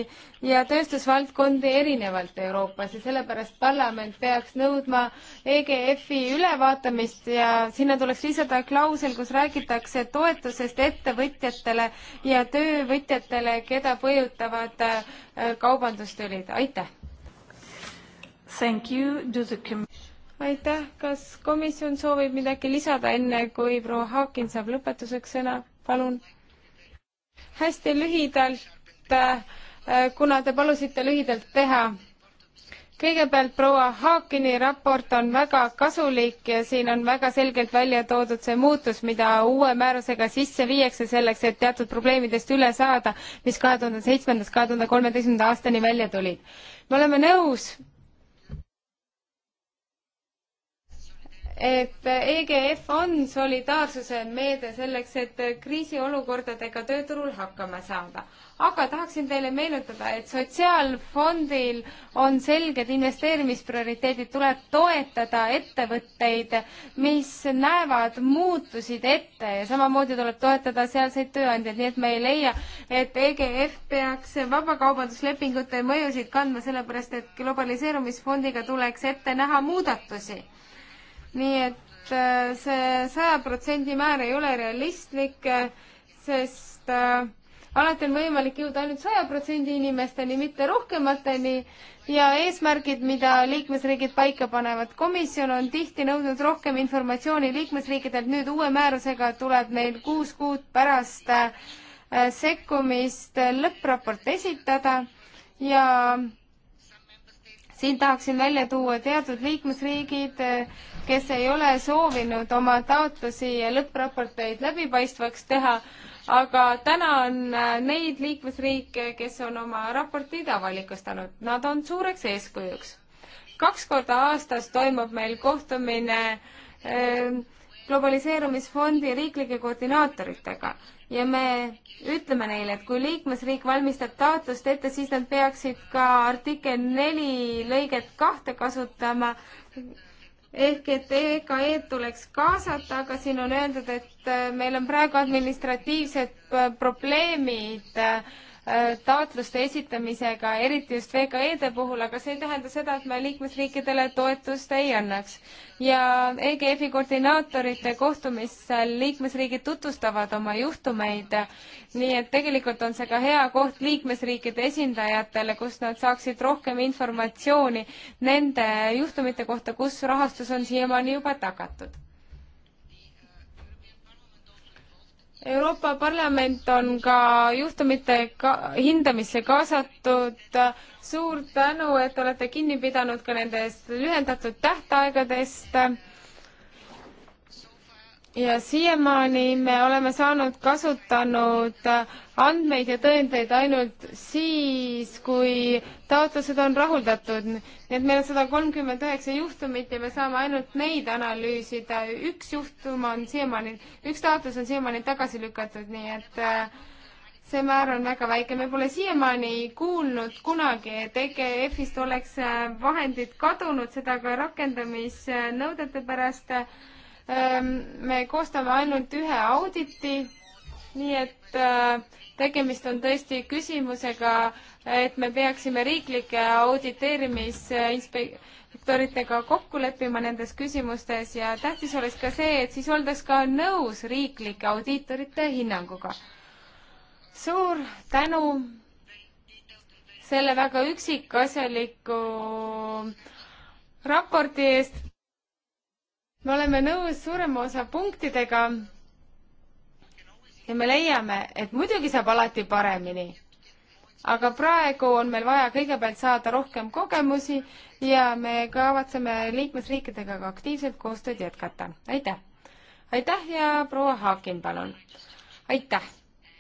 ja tööstusvaldkondi erinevalt Euroopas ja sellepärast parlament peaks nõudma EGF-i ülevaatamist ja sinna tuleks lisada klausel, kus räägitakse toetusest ettevõtjatele ja töövõtjatele, keda mõjutavad äh, kaubandustülid, aitäh! Thank you to the commission aitäh, kas komisjon soovib midagi lisada, enne kui proua Haakin saab lõpetuseks sõna, palun? hästi lühidalt, äh, kuna te palusite lühidalt teha. kõigepealt proua Haakini raport on väga kasulik ja siin on väga selgelt välja toodud see muutus, mida uue määrusega sisse viiakse selleks, et teatud probleemidest üle saada, mis kahe tuhande seitsmendast kahe tuhande kolmeteistkümnenda aastani välja tulid. me oleme nõus et EGF on solidaarsuse meede selleks, et kriisiolukordadega tööturul hakkama saada. aga tahaksin teile meenutada, et Sotsiaalfondil on selged investeerimisprioriteedid, tuleb toetada ettevõtteid, mis näevad muutusid ette ja samamoodi tuleb toetada sealseid tööandjaid, nii et me ei leia, et EGF peaks vabakaubanduslepingute mõjusid kandma, sellepärast et globaliseerumisfondiga tuleks ette näha muudatusi nii et äh, see saja protsendi määr ei ole realistlik, äh, sest äh, alati on võimalik jõuda ainult saja protsendi inimesteni, mitte rohkemateni ja eesmärgid, mida liikmesriigid paika panevad. komisjon on tihti nõudnud rohkem informatsiooni liikmesriikidelt, nüüd uue määrusega tuleb neil kuus kuud pärast sekkumist lõppraport esitada ja siin tahaksin välja tuua teatud liikmesriigid, kes ei ole soovinud oma taotlusi ja lõppraporteid läbipaistvaks teha, aga täna on äh, neid liikmesriike, kes on oma raportid avalikustanud, nad on suureks eeskujuks. kaks korda aastas toimub meil kohtumine ähm, globaliseerumisfondi riiklike koordinaatoritega ja me ütleme neile, et kui liikmesriik valmistab taotlust ette, siis nad peaksid ka artikkel neli lõiget kahte kasutama ehk et EKE-d tuleks kaasata, aga siin on öeldud, et äh, meil on praegu administratiivsed äh, probleemid äh, Äh, taotluste esitamisega, eriti just VKE-de puhul, aga see ei tähenda seda, et me liikmesriikidele toetust ei annaks. ja EGF-i koordinaatorite kohtumisel liikmesriigid tutvustavad oma juhtumeid, nii et tegelikult on see ka hea koht liikmesriikide esindajatele, kus nad saaksid rohkem informatsiooni nende juhtumite kohta, kus rahastus on siiamaani juba tagatud Euroopa Parlament on ka juhtumite ka hindamisse kaasatud. suur tänu, et olete kinni pidanud ka nendest lühendatud tähtaegadest ja siiamaani me oleme saanud kasutanud andmeid ja tõendeid ainult siis, kui taotlused on rahuldatud. nii et meil on sada kolmkümmend üheksa juhtumit ja me saame ainult neid analüüsida. üks juhtum on siiamaani, üks taotlus on siiamaani tagasi lükatud, nii et äh, see määr on väga väike. me pole siiamaani kuulnud kunagi, et EGF-ist oleks äh, vahendid kadunud, seda ka rakendamisnõudete pärast Ehm, me koostame ainult ühe auditi, nii et äh, tegemist on tõesti küsimusega, et me peaksime riiklike auditeerimisinspektoritega kokku leppima nendes küsimustes ja tähtis oleks ka see, et siis oldaks ka nõus riiklike audiitorite hinnanguga. suur tänu selle väga üksikasjaliku raporti eest me oleme nõus suurema osa punktidega ja me leiame, et muidugi saab alati paremini. aga praegu on meil vaja kõigepealt saada rohkem kogemusi ja me kavatseme liikmesriikidega ka aktiivselt koostööd jätkata. aitäh! aitäh ja proua Haakin, palun! aitäh!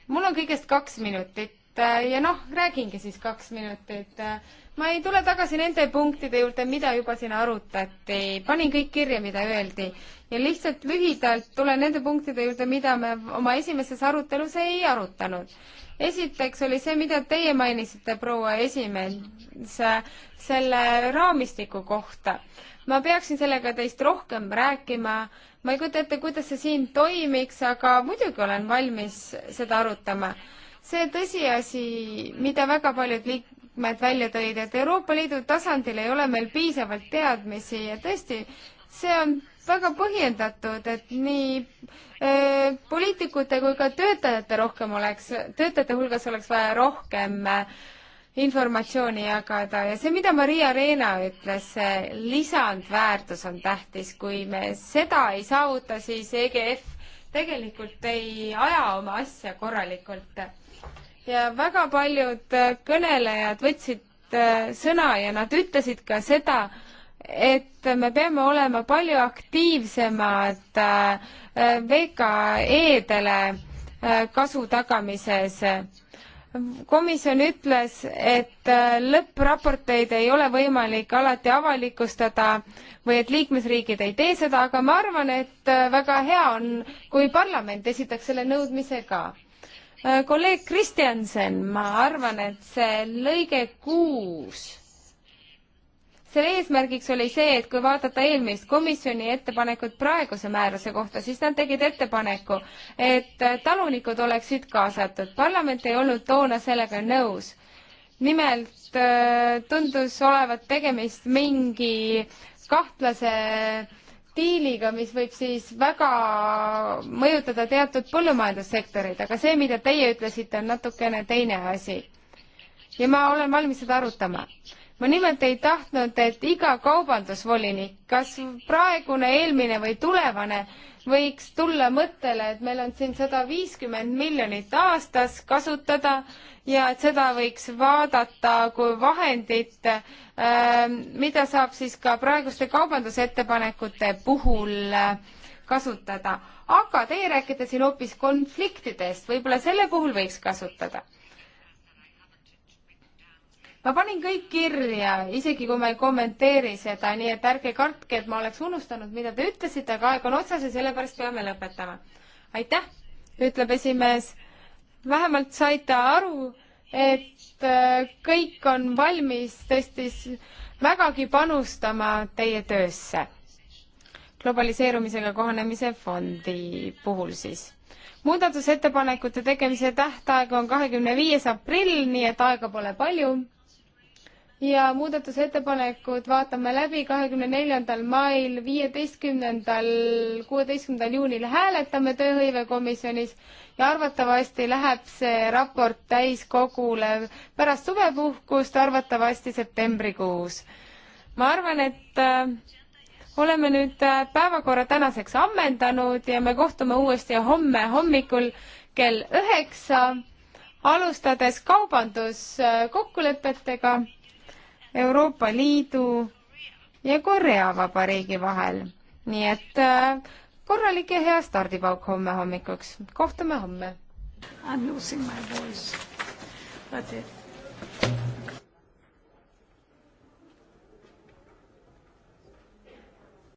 mul on kõigest kaks minutit äh, ja noh, räägingi siis kaks minutit äh, ma ei tule tagasi nende punktide juurde, mida juba siin arutati, panin kõik kirja, mida öeldi ja lihtsalt lühidalt tulen nende punktide juurde, mida me oma esimeses arutelus ei arutanud. esiteks oli see, mida teie mainisite, proua esimees, selle raamistiku kohta. ma peaksin sellega teist rohkem rääkima, ma ei kujuta ette, kuidas see siin toimiks, aga muidugi olen valmis seda arutama see tõsiasi, mida väga paljud liik-, liikmed välja tõid, et Euroopa Liidu tasandil ei ole meil piisavalt teadmisi ja tõesti, see on väga põhjendatud, et nii öö, poliitikute kui ka töötajate rohkem oleks, töötajate hulgas oleks vaja rohkem informatsiooni jagada ja see, mida Maria Reena ütles, see lisandväärtus on tähtis, kui me seda ei saavuta, siis EGF tegelikult ei aja oma asja korralikult ja väga paljud äh, kõnelejad võtsid äh, sõna ja nad ütlesid ka seda, et me peame olema palju aktiivsemad äh, VKE-dele kasu tagamises komisjon ütles, et lõppraporteid ei ole võimalik alati avalikustada või et liikmesriigid ei tee seda, aga ma arvan, et väga hea on, kui parlament esitaks selle nõudmise ka. Äh, kolleeg Kristjansen, ma arvan, et see lõige kuus, selle eesmärgiks oli see, et kui vaadata eelmist komisjoni ettepanekut praeguse määruse kohta, siis nad tegid ettepaneku, et äh, talunikud oleksid kaasatud. parlament ei olnud toona sellega nõus. nimelt äh, tundus olevat tegemist mingi kahtlase äh, diiliga, mis võib siis väga mõjutada teatud põllumajandussektoreid, aga see, mida teie ütlesite, on natukene teine asi. ja ma olen valmis seda arutama. ma nimelt ei tahtnud, et iga kaubandusvolinik, kas praegune, eelmine või tulevane, võiks tulla mõttele, et meil on siin sada viiskümmend miljonit aastas kasutada ja et seda võiks vaadata kui vahendit, ähm, mida saab siis ka praeguste kaubandusettepanekute puhul äh, kasutada. aga teie räägite siin hoopis konfliktidest, võib-olla selle puhul võiks kasutada ma panin kõik kirja, isegi kui ma ei kommenteeri seda, nii et ärge kartke, et ma oleks unustanud, mida te ütlesite, aga aeg on otsas ja sellepärast peame lõpetama. aitäh, ütleb esimees. vähemalt saite aru, et äh, kõik on valmis tõesti vägagi panustama teie töösse. globaliseerumisega kohanemise fondi puhul siis muudatusettepanekute tegemise tähtaeg on kahekümne viies aprill, nii et aega pole palju ja muudatusettepanekud vaatame läbi kahekümne neljandal mail, viieteistkümnendal, kuueteistkümnendal juunil hääletame tööhõivekomisjonis ja arvatavasti läheb see raport täiskogule pärast suvepuhkust, arvatavasti septembrikuus. ma arvan, et äh, oleme nüüd äh, päevakorra tänaseks ammendanud ja me kohtume uuesti homme hommikul kell üheksa, alustades kaubanduskokkulepetega äh, Euroopa Liidu ja Korea Vabariigi vahel. nii et äh, korralik ja hea stardipauk homme hommikuks. kohtume homme. I am losing my voice. But it... Uh,